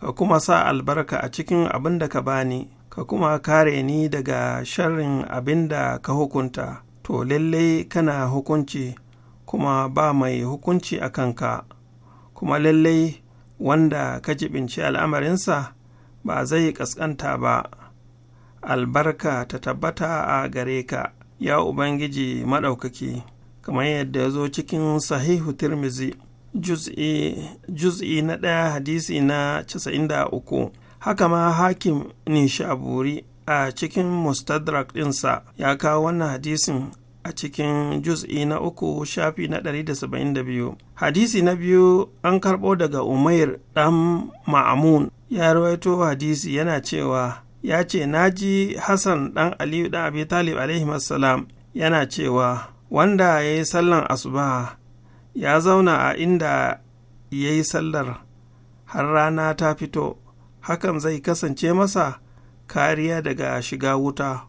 A: ka kuma sa albarka a cikin abin da ka bani ka kuma kare ni daga sharrin abin da ka hukunta to lallai kana hukunci kuma ba mai hukunci a kanka kuma lallai wanda ka jibinci al'amarinsa ba zai ƙasƙanta ba albarka ta tabbata a gare ka ya ubangiji maɗaukaki kamar yadda ya zo cikin sahihu tirmizi juz'i na ɗaya hadisi na casa'in da uku. haka ma hakim nishaburi a cikin mustadrak ɗinsa ya kawo wannan hadisin a cikin juz'i na uku shafi na 172 hadisi na biyu an karɓo daga umair ɗan ma'amun ya rawaito hadisi yana cewa ya ce ji hassan ɗan aliyu ɗan abi talib salam yana cewa wanda ya yi sallan asuba ya zauna a inda ya yi sallar har rana ta fito hakan zai kasance masa kariya daga shiga wuta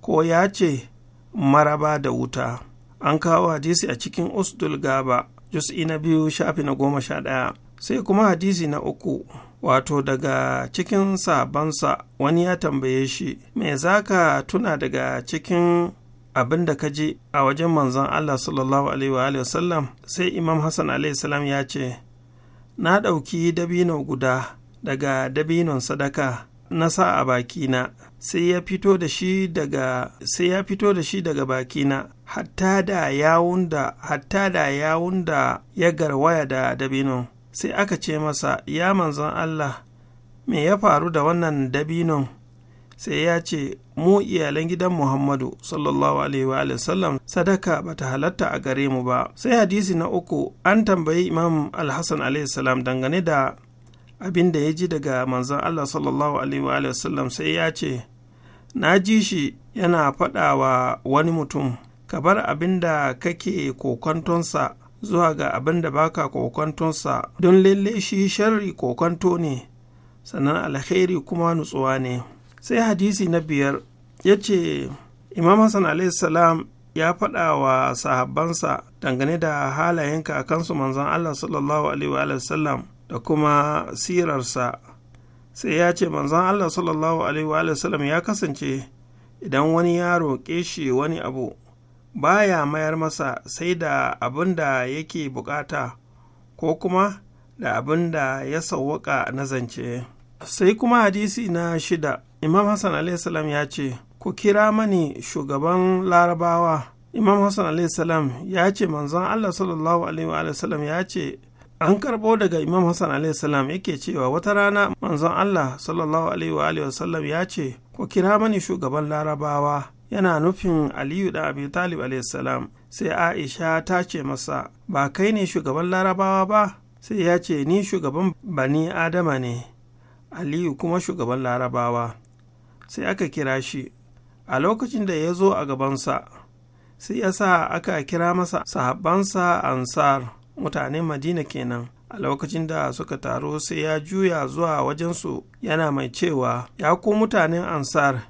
A: ko ya ce maraba da wuta an kawo hadisi a cikin usdul gaba jus'i na biyu shafi na goma sha ɗaya sai kuma hadisi na uku wato daga cikin sabansa wani ya tambaye shi me zaka tuna daga cikin abin da ka ji a wajen manzon Allah sallallahu alaihi sallam sai Imam Hassan alaihi salam ya ce na ɗauki dabino guda daga dabinon sadaka na sa a bakina sai ya fito da shi daga sai ya fito da shi daga bakina hatta da yawun da hatta da yawun da ya garwaya da dabino sai aka ce masa ya manzon Allah me ya faru da wannan dabino? sai ya ce mu iyalan gidan Muhammadu sallallahu alaihi wa sallam sadaka bata halatta a gare mu ba sai hadisi na uku an tambayi Imam Al-Hasan alaihi salam dangane da abin da ya ji daga manzon Allah sallallahu alaihi wa sallam sai ya ce na ji shi yana faɗa wa wani mutum ka bar abin da kake kokontonsa zuwa ga abin da baka kokontonsa don lalle shi sharri kokonto ne sannan alkhairi kuma nutsuwa ne sai hadisi na biyar ya ce imam hassan salam ya faɗa wa sahabbansa dangane da halayen kakansu manzon allah sallallahu alaihi da kuma sirarsa sai ya ce manzon Allah sallallahu alaihi wasallam ya kasance idan wani ya roƙe shi wani abu baya mayar masa sai da abin da yake bukata ko kuma da abin da ya sauwaka na zance sai kuma hadisi na shida imam hassan salam ya ce ku kira mani shugaban larabawa imam hassan salam ya ce manzon allah sallallahu alaihi wa ya ce an karɓo daga imam hassan salam yake cewa wata rana manzon allah sallallahu alaihi wasallam ya ce ku kira mani shugaban larabawa yana nufin aliyu da abi talib salam sai aisha ta ce masa ba kai ne shugaban larabawa ba sai ya ce ni shugaban bani adama ne aliyu kuma shugaban larabawa sai aka kira shi a lokacin da ya zo a gabansa sai ya sa aka kira masa sahabbansa ansar mutanen madina kenan a lokacin da suka taro sai ya juya zuwa wajensu yana mai cewa ya ku mutanen ansar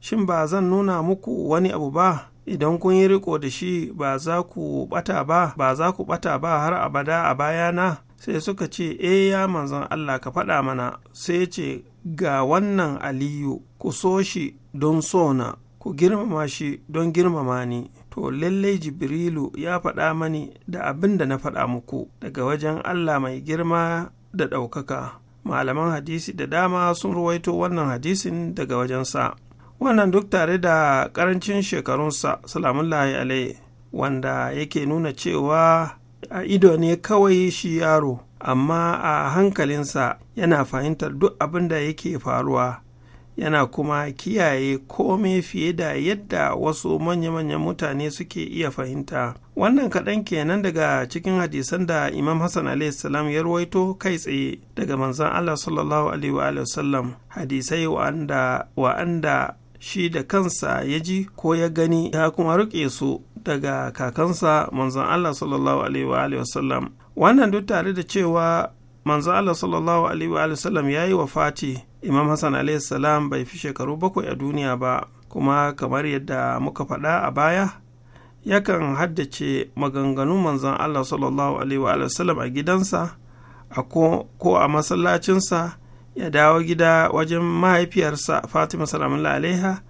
A: shin ba zan nuna muku wani abu ba idan kun yi riko da shi ba za ku bata ba ba za ku bata ba har abada a bayana sai suka ce e ya manzon Allah ka faɗa mana sai ce ga wannan aliyu ku so shi don sona ku girmama shi don girmama ni to lallai jibrilu ya faɗa mani da abin da na faɗa muku daga wajen allah mai girma da ɗaukaka malaman hadisi da dama sun ruwaito wannan hadisin daga wajensa wannan duk tare da ƙarancin shekarunsa salamullahi alai wanda yake nuna cewa a ido ne kawai shi yaro amma a hankalinsa yana fahimtar duk abin da yake faruwa yana kuma kiyaye kome fiye da yadda wasu manya-manyan mutane suke iya fahimta wannan kaɗan kenan daga cikin hadisan da imam hassan salam ya ruwaito kai tsaye daga manzan allah sallallahu alaihi wa sallam hadisai wa'anda shi da kansa ya ji ko ya gani ya kuma riƙe su daga kakansa manzan allah sallallahu alaihi wa sallam wannan duk tare da cewa manzo Allah sallallahu alaihi wa sallam ya yi Fati. imam Hassan alaihi salam bai fi shekaru bakwai a duniya ba kuma kamar yadda muka faɗa a baya yakan haddace maganganu manzon Allah sallallahu alaihi wa sallam a gidansa a ko a masallacinsa ya dawo gida wajen mahaifiyarsa Fatima salamullahi alaiha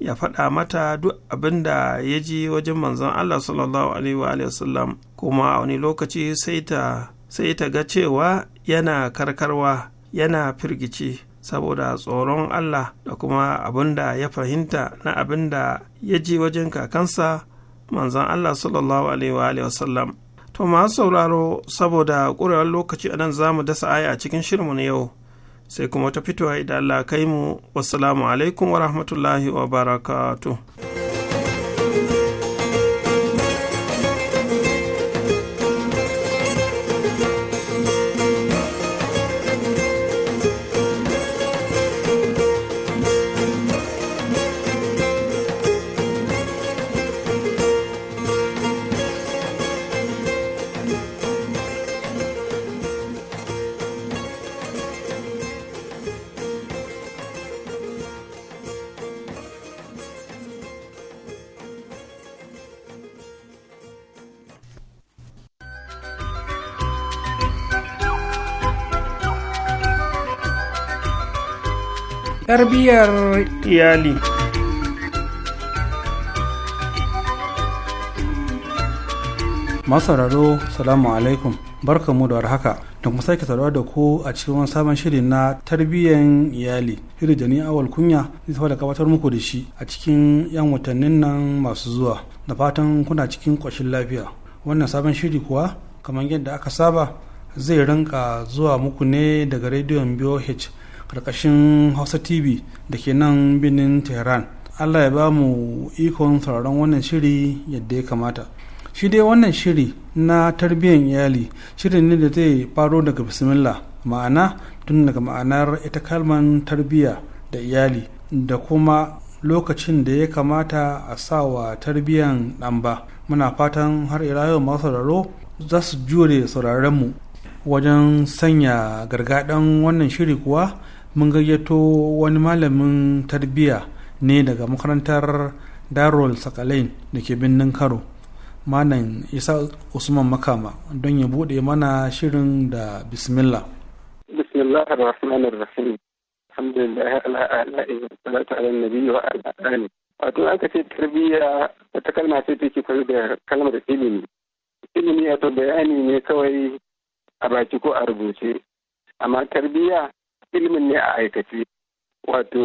A: ya faɗa mata duk abin da ya ji wajen manzon Allah sallallahu alaihi wa sallam kuma a wani lokaci sai ta sai ta ga cewa yana karkarwa yana firgici saboda tsoron Allah da kuma abin da ya fahimta na abin da ya ji wajen kakansa manzan Allah sallallahu alaihi wasallam. To masu sauraro saboda ƙurewar lokaci a nan za mu dasa aya a cikin shirmu na yau sai kuma ta fitowa idan Allah kai mu wasu alaikum wa rahmatullahi wa barakatuh.
C: tarbiyyar
E: iyali masararo salamu alaikum barkamu da haka da kuma sake saduwa da ku a cikin wani sabon shiri na tarbiyyar iyali shiri da ni awal kunya zai saba da gabatar muku da shi a cikin yan watannin nan masu zuwa da fatan kuna cikin kwashin lafiya wannan sabon shiri kuwa kamar yadda aka saba zai rinka zuwa muku ne daga rediyon boh karkashin hausa tv da ke nan birnin tehran allah ya ba mu ikon sauraron wannan shiri yadda ya kamata shi dai wannan shiri na tarbiyyar iyali shirin ne da zai faro daga bismillah ma'ana tun daga ma'anar ita kalman tarbiyya da iyali da kuma lokacin da ya kamata a sawa tarbiyyar ɗan ba muna fatan har ila yau masu sauraro za su jure sauraronmu wajen sanya gargaɗin wannan shiri kuwa mun gayyato wani malamin tarbiyya ne daga makarantar darul sakalain da ke birnin karo manan isa usman makama don ya bude mana shirin da bismillah
F: bismillah ar-rahman ar-rahim alhamdulillah ala'i salatu ala nabi wa wato an ce tarbiyya wata kalma ce ke koyo da kalmar ilimi ilimi ya to bayani ne kawai a baki ko a rubuce amma tarbiyya ilimin ne a aikace wato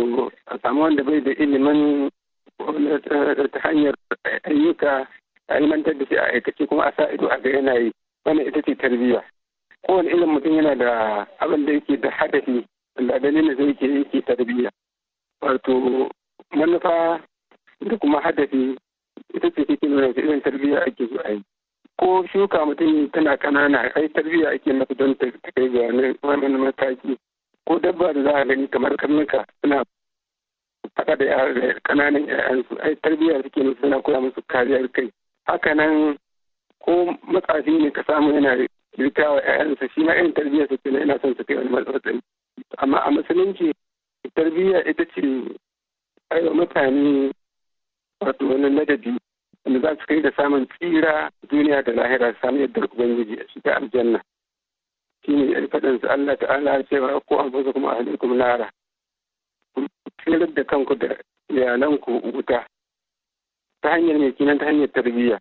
F: a samu wanda bai da ilimin eh, ta hanyar ayyuka a ilimantar da shi a aikace kuma a sa ido a ga yanayi wani wannan ita ce tarbiyya kowane ilimin mutum yana da abin da yake da hadafi da ganin da zai ke yake tarbiyya wato manufa da kuma hadafi ita ce take nuna da irin tarbiyya ake so a yi ko shuka mutum tana kanana ai tarbiyya ake masa don ta kai ga wani mataki ko dabba da za a gani kamar karnuka suna faɗa da kananan yayansu ai tarbiyya suke musu suna koya musu kariyar kai haka nan ko matsafi ne ka samu yana rikawa wa yayansa shi ma irin tarbiyya suke na yana son su kai wani matsatsari amma a musulunci tarbiyya ita ce wa mutane wato wani ladabi wanda za su kai da samun tsira duniya da lahira su samu yadda ubangiji a shiga aljanna shine ne faɗin su Allah ta'ala cewa ko an fasa kuma alaikum nara tsirar da kanku da iyalanku wuta ta hanyar mai kinan ta hanyar tarbiyya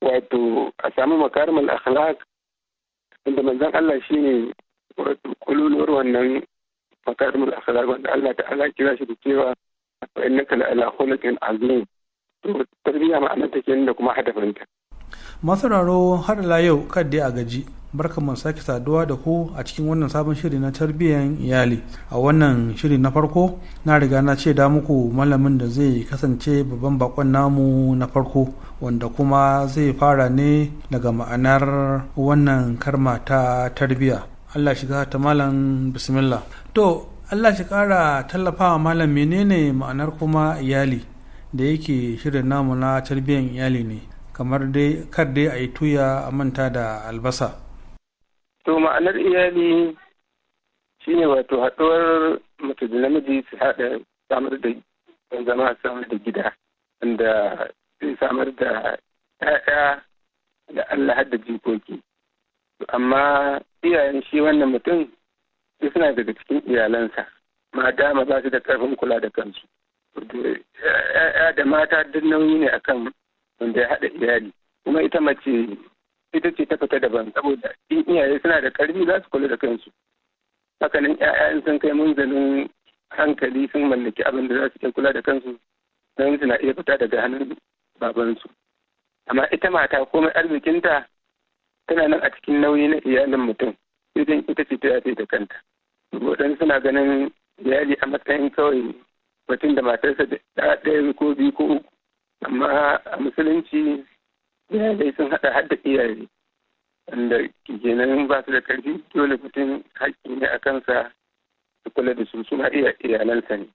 F: wato a samu makarimar akhlaq inda manzan Allah shi ne wato kululuwar wannan makarimar akhlaq wanda Allah ta'ala kira shi da cewa wa innaka la ala khuluqin azim to tarbiyya ma'anar take da kuma hadafinta
E: masararo har la yau kadai a gaji barkamu sake saduwa da ku a cikin wannan sabon shiri na tarbiyyar iyali a wannan shiri na farko na riga na ce da muku malamin da zai kasance babban bakon namu na farko wanda kuma zai fara ne daga ma'anar wannan karma ta tarbiyya allah shiga ta malam bismillah to allah shi kara tallafawa malam menene ma'anar kuma iyali da yake shirin namu na tarbiyyar iyali ne kamar dai kar dai a yi tuya a manta da albasa
F: to ma'anar iyali shi ne wato haɗuwar mace da namiji su haɗa samar da zama samar da gida wanda zai samar da ‘ya'ya da Allah da jikoki. Amma iyayen shi wannan mutum sai suna daga cikin iyalansa, ma dama ba su da ƙarfin kula da kansu. ‘Ya'ya da mata duk nauyi ne akan wanda ya haɗa iyali kuma ita mace ita ce ta fita daban saboda in iyaye suna da ƙarfi za su kula da kansu hakanan ƴaƴan sun kai munzalin hankali sun mallaki abin da za su kula da kansu don suna iya fita daga hannun babansu amma ita mata komai arzikinta tana nan a cikin nauyi na iyalin mutum idan ita ce ta yafe da kanta waɗansu suna ganin iyali a matsayin kawai mutum da matarsa da ɗaya ko biyu ko uku amma a musulunci iyalai sun haɗa hada iyaye wanda kenan ba su da karfi dole mutum haƙƙi ne a kansa su kula da su suna iya iyalansa ne.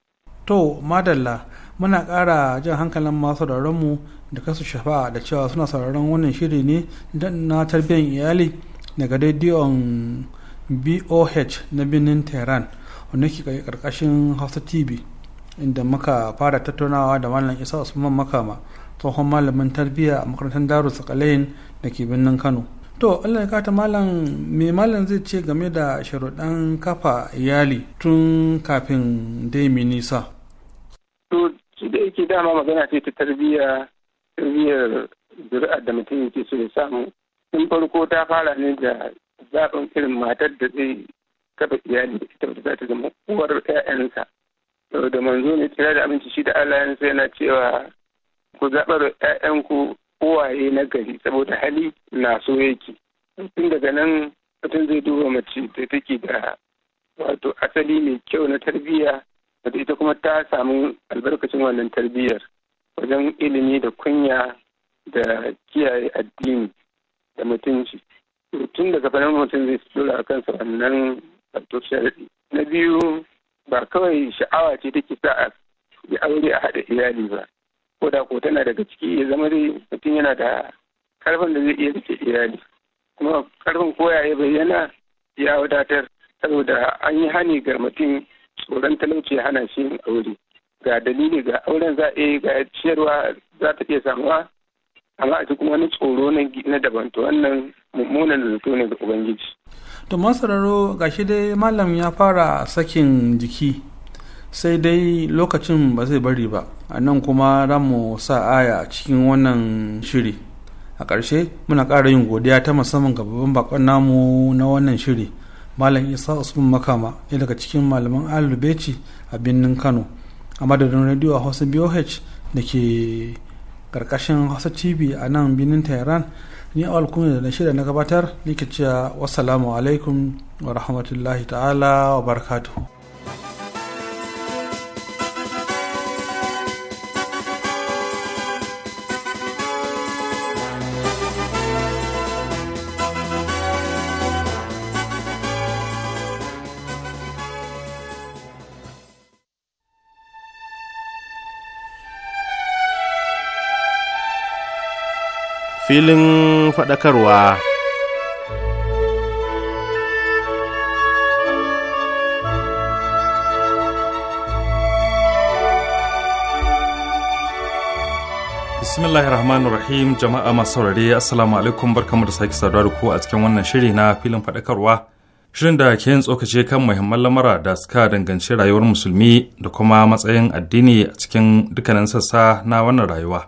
E: To, madalla, muna ƙara jan hankalin masu mu da kasu shafa da cewa suna sauraron wannan shiri ne na tarbiyyar iyali daga rediyon BOH na birnin Tehran wanda ke ƙarƙashin Hausa TV. inda muka fara tattaunawa da malam isa usman makama tsohon malamin tarbiyya a makarantar daru sakalayin da ke birnin kano to allah ya kata malam me malam zai ce game da sharuɗan kafa iyali tun kafin dai mi nisa
F: to shi da yake dama magana ce ta tarbiyya tarbiyyar zuri'ar da mutum yake so ya samu tun farko ta fara ne da zaɓin irin matar da zai kafa iyali da ita za ta zama uwar 'ya'yansa da manzo ne kira da abinci shi da Allah yana cewa ku zaɓar ‘ya'yanku uwaye na gari saboda hali na so yake tun daga nan mutum zai duba mace da take da wato asali mai kyau na tarbiyya wato ita kuma ta samu albarkacin wannan tarbiyyar wajen ilimi da kunya da kiyaye addini da mutunci tun daga fannin mutum zai tura a kansa wannan wato na biyu ba kawai sha'awa ce take sa a yi aure a haɗa iyali ba ko da ko tana daga ciki ya zama dai mutum yana da karfin da zai iya rike iyali kuma karfin koya ya bayyana ya wadatar saboda an yi hani ga mutum tsoron talauci hana shi aure ga dalili ga auren za a yi ga ciyarwa za ta iya samuwa amma a kuma wani tsoro na daban to wannan mummunan zato ne ga ubangiji
E: to masararo gashi dai malam ya fara sakin jiki sai dai lokacin ba zai bari ba a nan kuma za mu sa aya cikin wannan shiri a ƙarshe muna ƙara yin godiya ta musamman ga babban bakon namu na wannan shiri malam isa usman makama ya daga cikin malaman alubeci a birnin kano a madadin radio a hausa boh da ke karkashin hausa tv a nan birnin tehran ni awal kuma da na shirya na gabatar ke cewa wasu alaikum wa rahmatullahi ta'ala wa barakatuhu
C: filin faɗakarwa. Bismillahirrahmanirrahim jama'a masu saurari assalamu alaikum barkamu da sake saduwa da ku a cikin wannan shiri na filin faɗakarwa shirin da ke yin tsokace kan muhimman lamara da suka danganci rayuwar musulmi da kuma matsayin addini a cikin dukkanin sassa na wannan rayuwa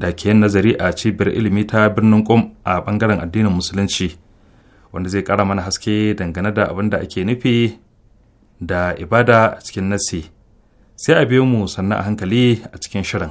C: da ke nazari a cibiyar ilimi ta birnin ƙum a ɓangaren addinin musulunci wanda zai ƙara mana haske dangane da abin da ake nufi da ibada a cikin nasi sai a biyo mu sannan a hankali a cikin shirin.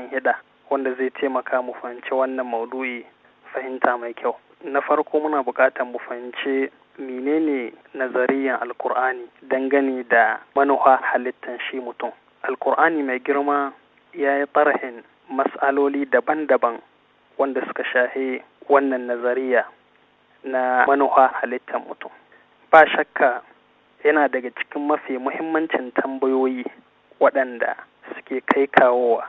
G: hida wanda zai taimaka mu fahimci wannan maudu'i fahimta mai kyau. Na farko muna buƙatar mu fahimci menene nazariyan alkur'ani dangane da manuha halittan shi mutum. Alkur'ani mai girma ya yi farahin matsaloli daban-daban wanda suka shahe wannan nazariya na manuha halittar mutum. Ba shakka yana daga cikin mafi muhimmancin tambayoyi waɗanda suke kai kawowa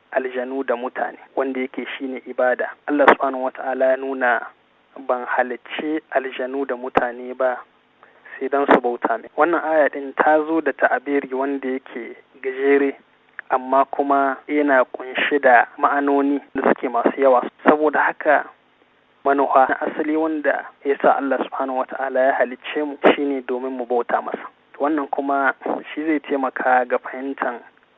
G: aljanu da mutane wanda yake shine ibada Allah subhanahu wata'ala ya nuna ban halicci aljanu da mutane ba sai don su bauta mai wannan aya din ta zo da ta'abiri wanda yake gajere amma kuma yana kunshi da ma'anoni da suke masu yawa saboda haka manuha na asali wanda ya sa Allah subhanahu wata'ala ya halicce mu shine domin mu bauta masa wannan kuma shi zai taimaka ga fahimtar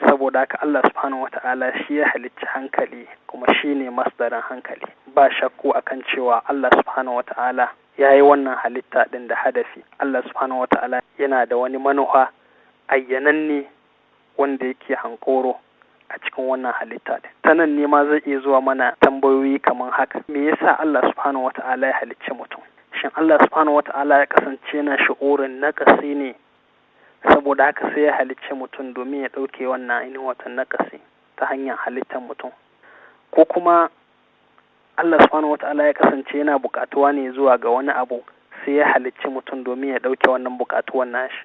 G: saboda haka Allah subhanahu wata'ala shi ya halicci hankali kuma shi ne masdarin hankali ba shakku akan cewa Allah subhanahu wata'ala ya yi wannan halitta ɗin da hadafi Allah subhanahu wata'ala yana da wani manuha ayyananne wanda yake hankoro a cikin wannan halitta ɗin ta nan ne ma zai iya zuwa mana tambayoyi kamar haka me yasa Allah subhanahu wata'ala ya halicci mutum shin Allah subhanahu wata'ala ya kasance na shi'urin nakasi ne saboda haka sai ya halicci mutum domin ya ɗauke wannan ainihin watan nakasi ta hanyar halittar mutum ko kuma Allah subhanahu wata'ala ya kasance yana buƙatuwa ne zuwa ga wani abu sai ya halicci mutum domin ya ɗauke wannan buƙatuwan nashi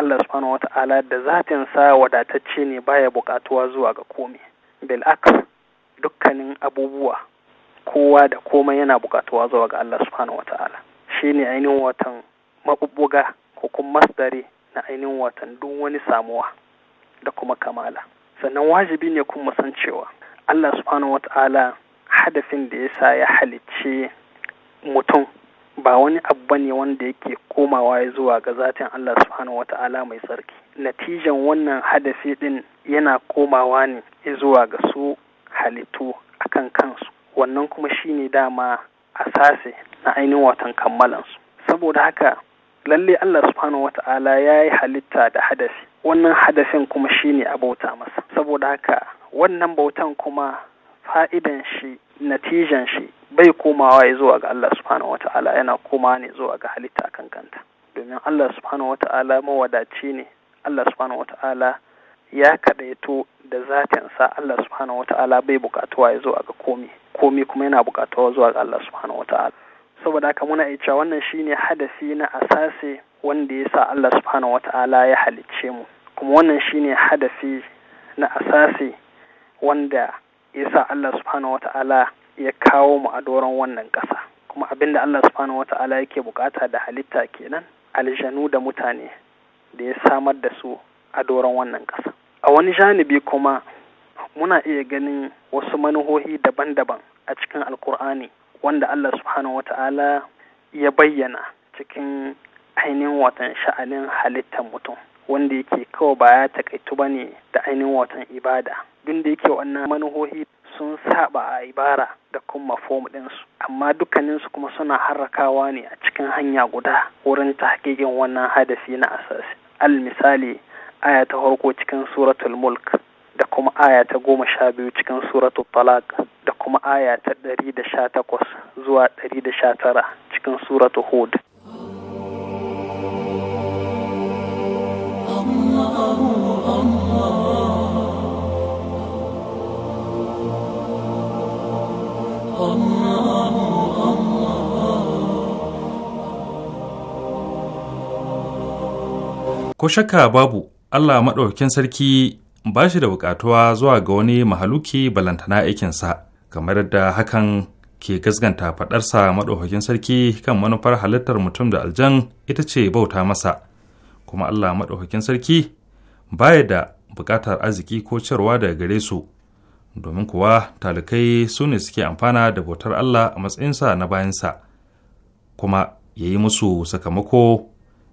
G: Allah subhanahu wata'ala da zatinsa wadatacce ne baya bukatuwa zuwa ga komai bil dukkanin abubuwa kowa da komai yana bukatuwa zuwa ga Allah subhanahu wata'ala shine ainihin watan mabubuga ko kuma masdari na ainihin watan duk wani samuwa da kuma kamala sannan wajibi ne kuma san cewa Allah subhanahu wata'ala hadafin da ya sa ya halicce mutum ba wani abu ne wanda yake komawa zuwa ga zatin Allah subhanahu ta'ala mai tsarki natijan wannan hadafi din yana komawa ne zuwa ga su halittu akan kansu wannan kuma shi ne dama a sase na ainihin watan kammalansu saboda haka lalle Allah subhanahu ta'ala ya yi halitta da hadafi. wannan hadafin kuma shine a bauta masa saboda haka wannan bautan kuma fa'idan shi natijan shi bai komawa ya zuwa ga Allah subhanahu wata'ala yana komawa ne zuwa ga halitta kan kanta domin Allah subhanahu wata'ala mawadaci ne Allah subhanahu wata'ala ya kadaito da zatinsa Allah subhanahu wata'ala bai bukatuwa ya zuwa ga komi komi kuma yana bukatuwa zuwa ga Allah subhanahu wata'ala saboda haka muna iya wannan shine hadasi na asase wanda ya sa Allah subhanahu wata'ala ya halicce mu kuma wannan shine hadasi na asasi wanda yasa Allah subhanahu ta'ala ya kawo mu a doron wannan ƙasa kuma abin da Allah subhanahu ta'ala yake bukata da halitta kenan aljanu da mutane da ya samar da su a doron wannan ƙasa a wani janibi kuma muna iya ganin wasu manuhohi daban-daban a cikin alkur'ani wanda Allah subhanahu ta'ala ya bayyana cikin ainihin watan sha'anin halittar mutum wanda yake kawai baya takaitu ba ne da ainihin watan ibada duk da yake wannan manuhohi sun saba a ibara da kuma fom ɗinsu amma dukkaninsu kuma suna harrakawa ne a cikin hanya guda wurin tahqiqin wannan hadafi na asasi al misali aya ta farko cikin suratul mulk da kuma aya ta goma sha biyu cikin suratul talaq da kuma aya ta ɗari da sha takwas zuwa ɗari da sha tara cikin suratul hud
C: ko shakka babu Allah maɗaukakin sarki ba shi da buƙatuwa zuwa ga wani mahaluki balantana aikinsa kamar da hakan ke gasganta faɗarsa maɗaukakin sarki kan manufar halittar mutum da aljan ita ce bauta masa kuma Allah maɗaukakin sarki baya da buƙatar arziki ko cirwa daga gare su domin kuwa talikai su ne suke amfana da bautar Allah a matsayinsa na bayansa kuma ya yi musu sakamako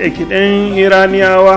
A: kiɗe-kiɗen iraniyawa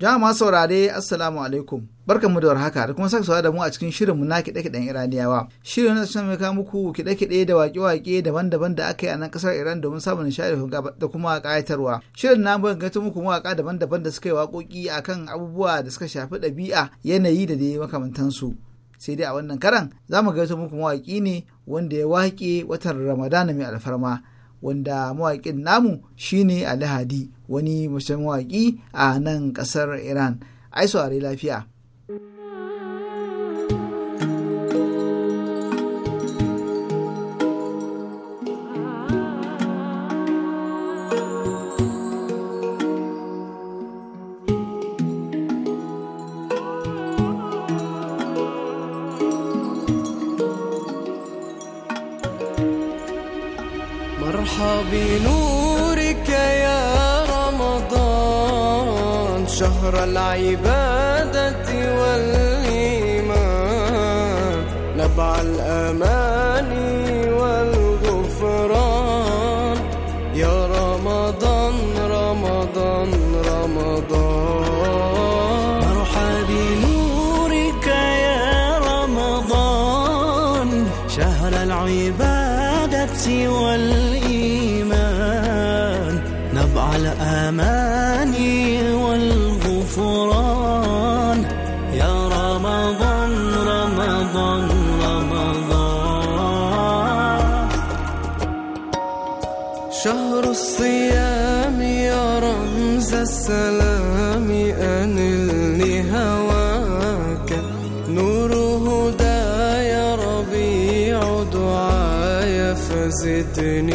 H: jama'a saurare assalamu alaikum barkanmu da warhaka da kuma saka da mu a cikin shirinmu na kiɗe-kiɗen iraniyawa shirin na sun kawo muku kiɗe-kiɗe da waƙe-waƙe daban-daban da aka yi a nan ƙasar iran domin samun nishaɗi da kuma ƙayatarwa shirin na mun gaito muku mawaƙa daban-daban da suka yi waƙoƙi akan abubuwa da suka shafi ɗabi'a yanayi da dai makamantansu sai dai a wannan karan za mu ta muku mawaƙi ne wanda ya waƙe watan ramadana mai alfarma wanda mawaƙin namu shine alhadi wani mace mawaƙi a nan ƙasar iran ai saurari lafiya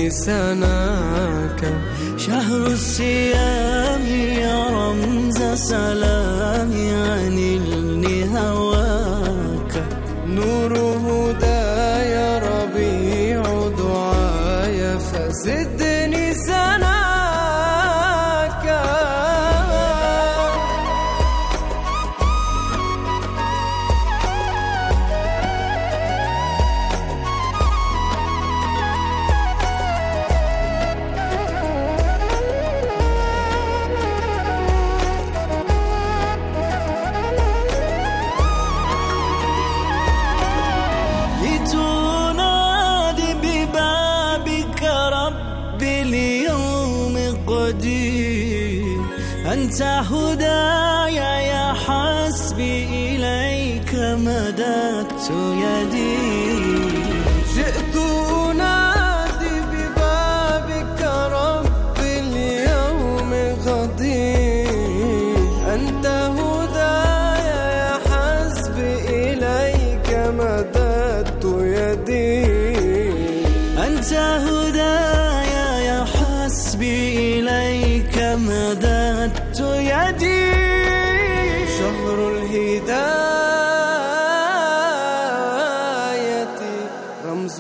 I: لسانك شهر الصيام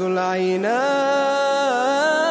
I: العينان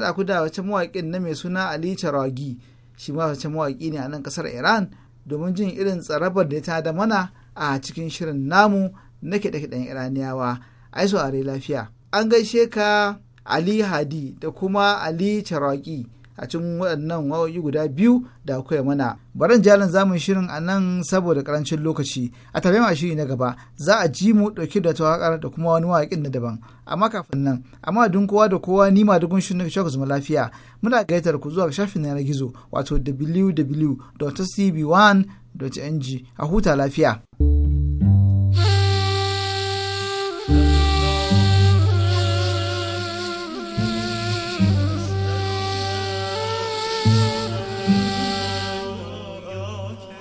H: haɗa ku da wacce mawaƙin na mai suna Ali Charagi shi ma wacce mawaƙi ne a nan ƙasar Iran domin jin irin tsarabar da ta da mana a cikin shirin namu na kiɗe-kiɗen Iraniyawa ai are lafiya an gaishe ka Ali Hadi da kuma Ali Charagi a cikin waɗannan wayoyi guda biyu da akwai mana baran jalan zamun shirin a nan saboda karancin lokaci a tare ma shiri na gaba za a ji mu ɗauki da tawakar da kuma wani waƙin na daban amma kafin nan amma dun kowa da kowa ni ma dukun shirin shaku zama lafiya muna gaitar ku zuwa shafin na gizo wato www.cb1.ng a huta lafiya.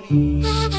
J: Mm-hmm.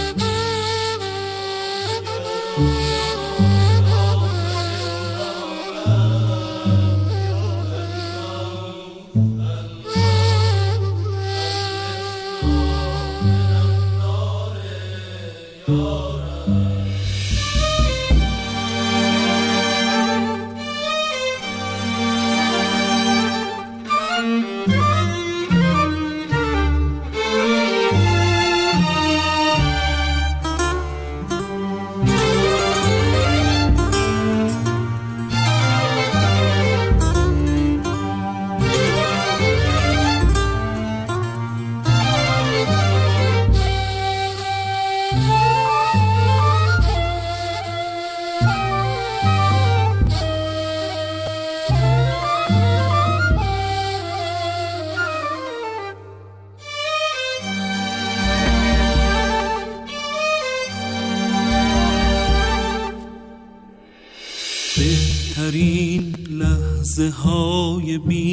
K: Me.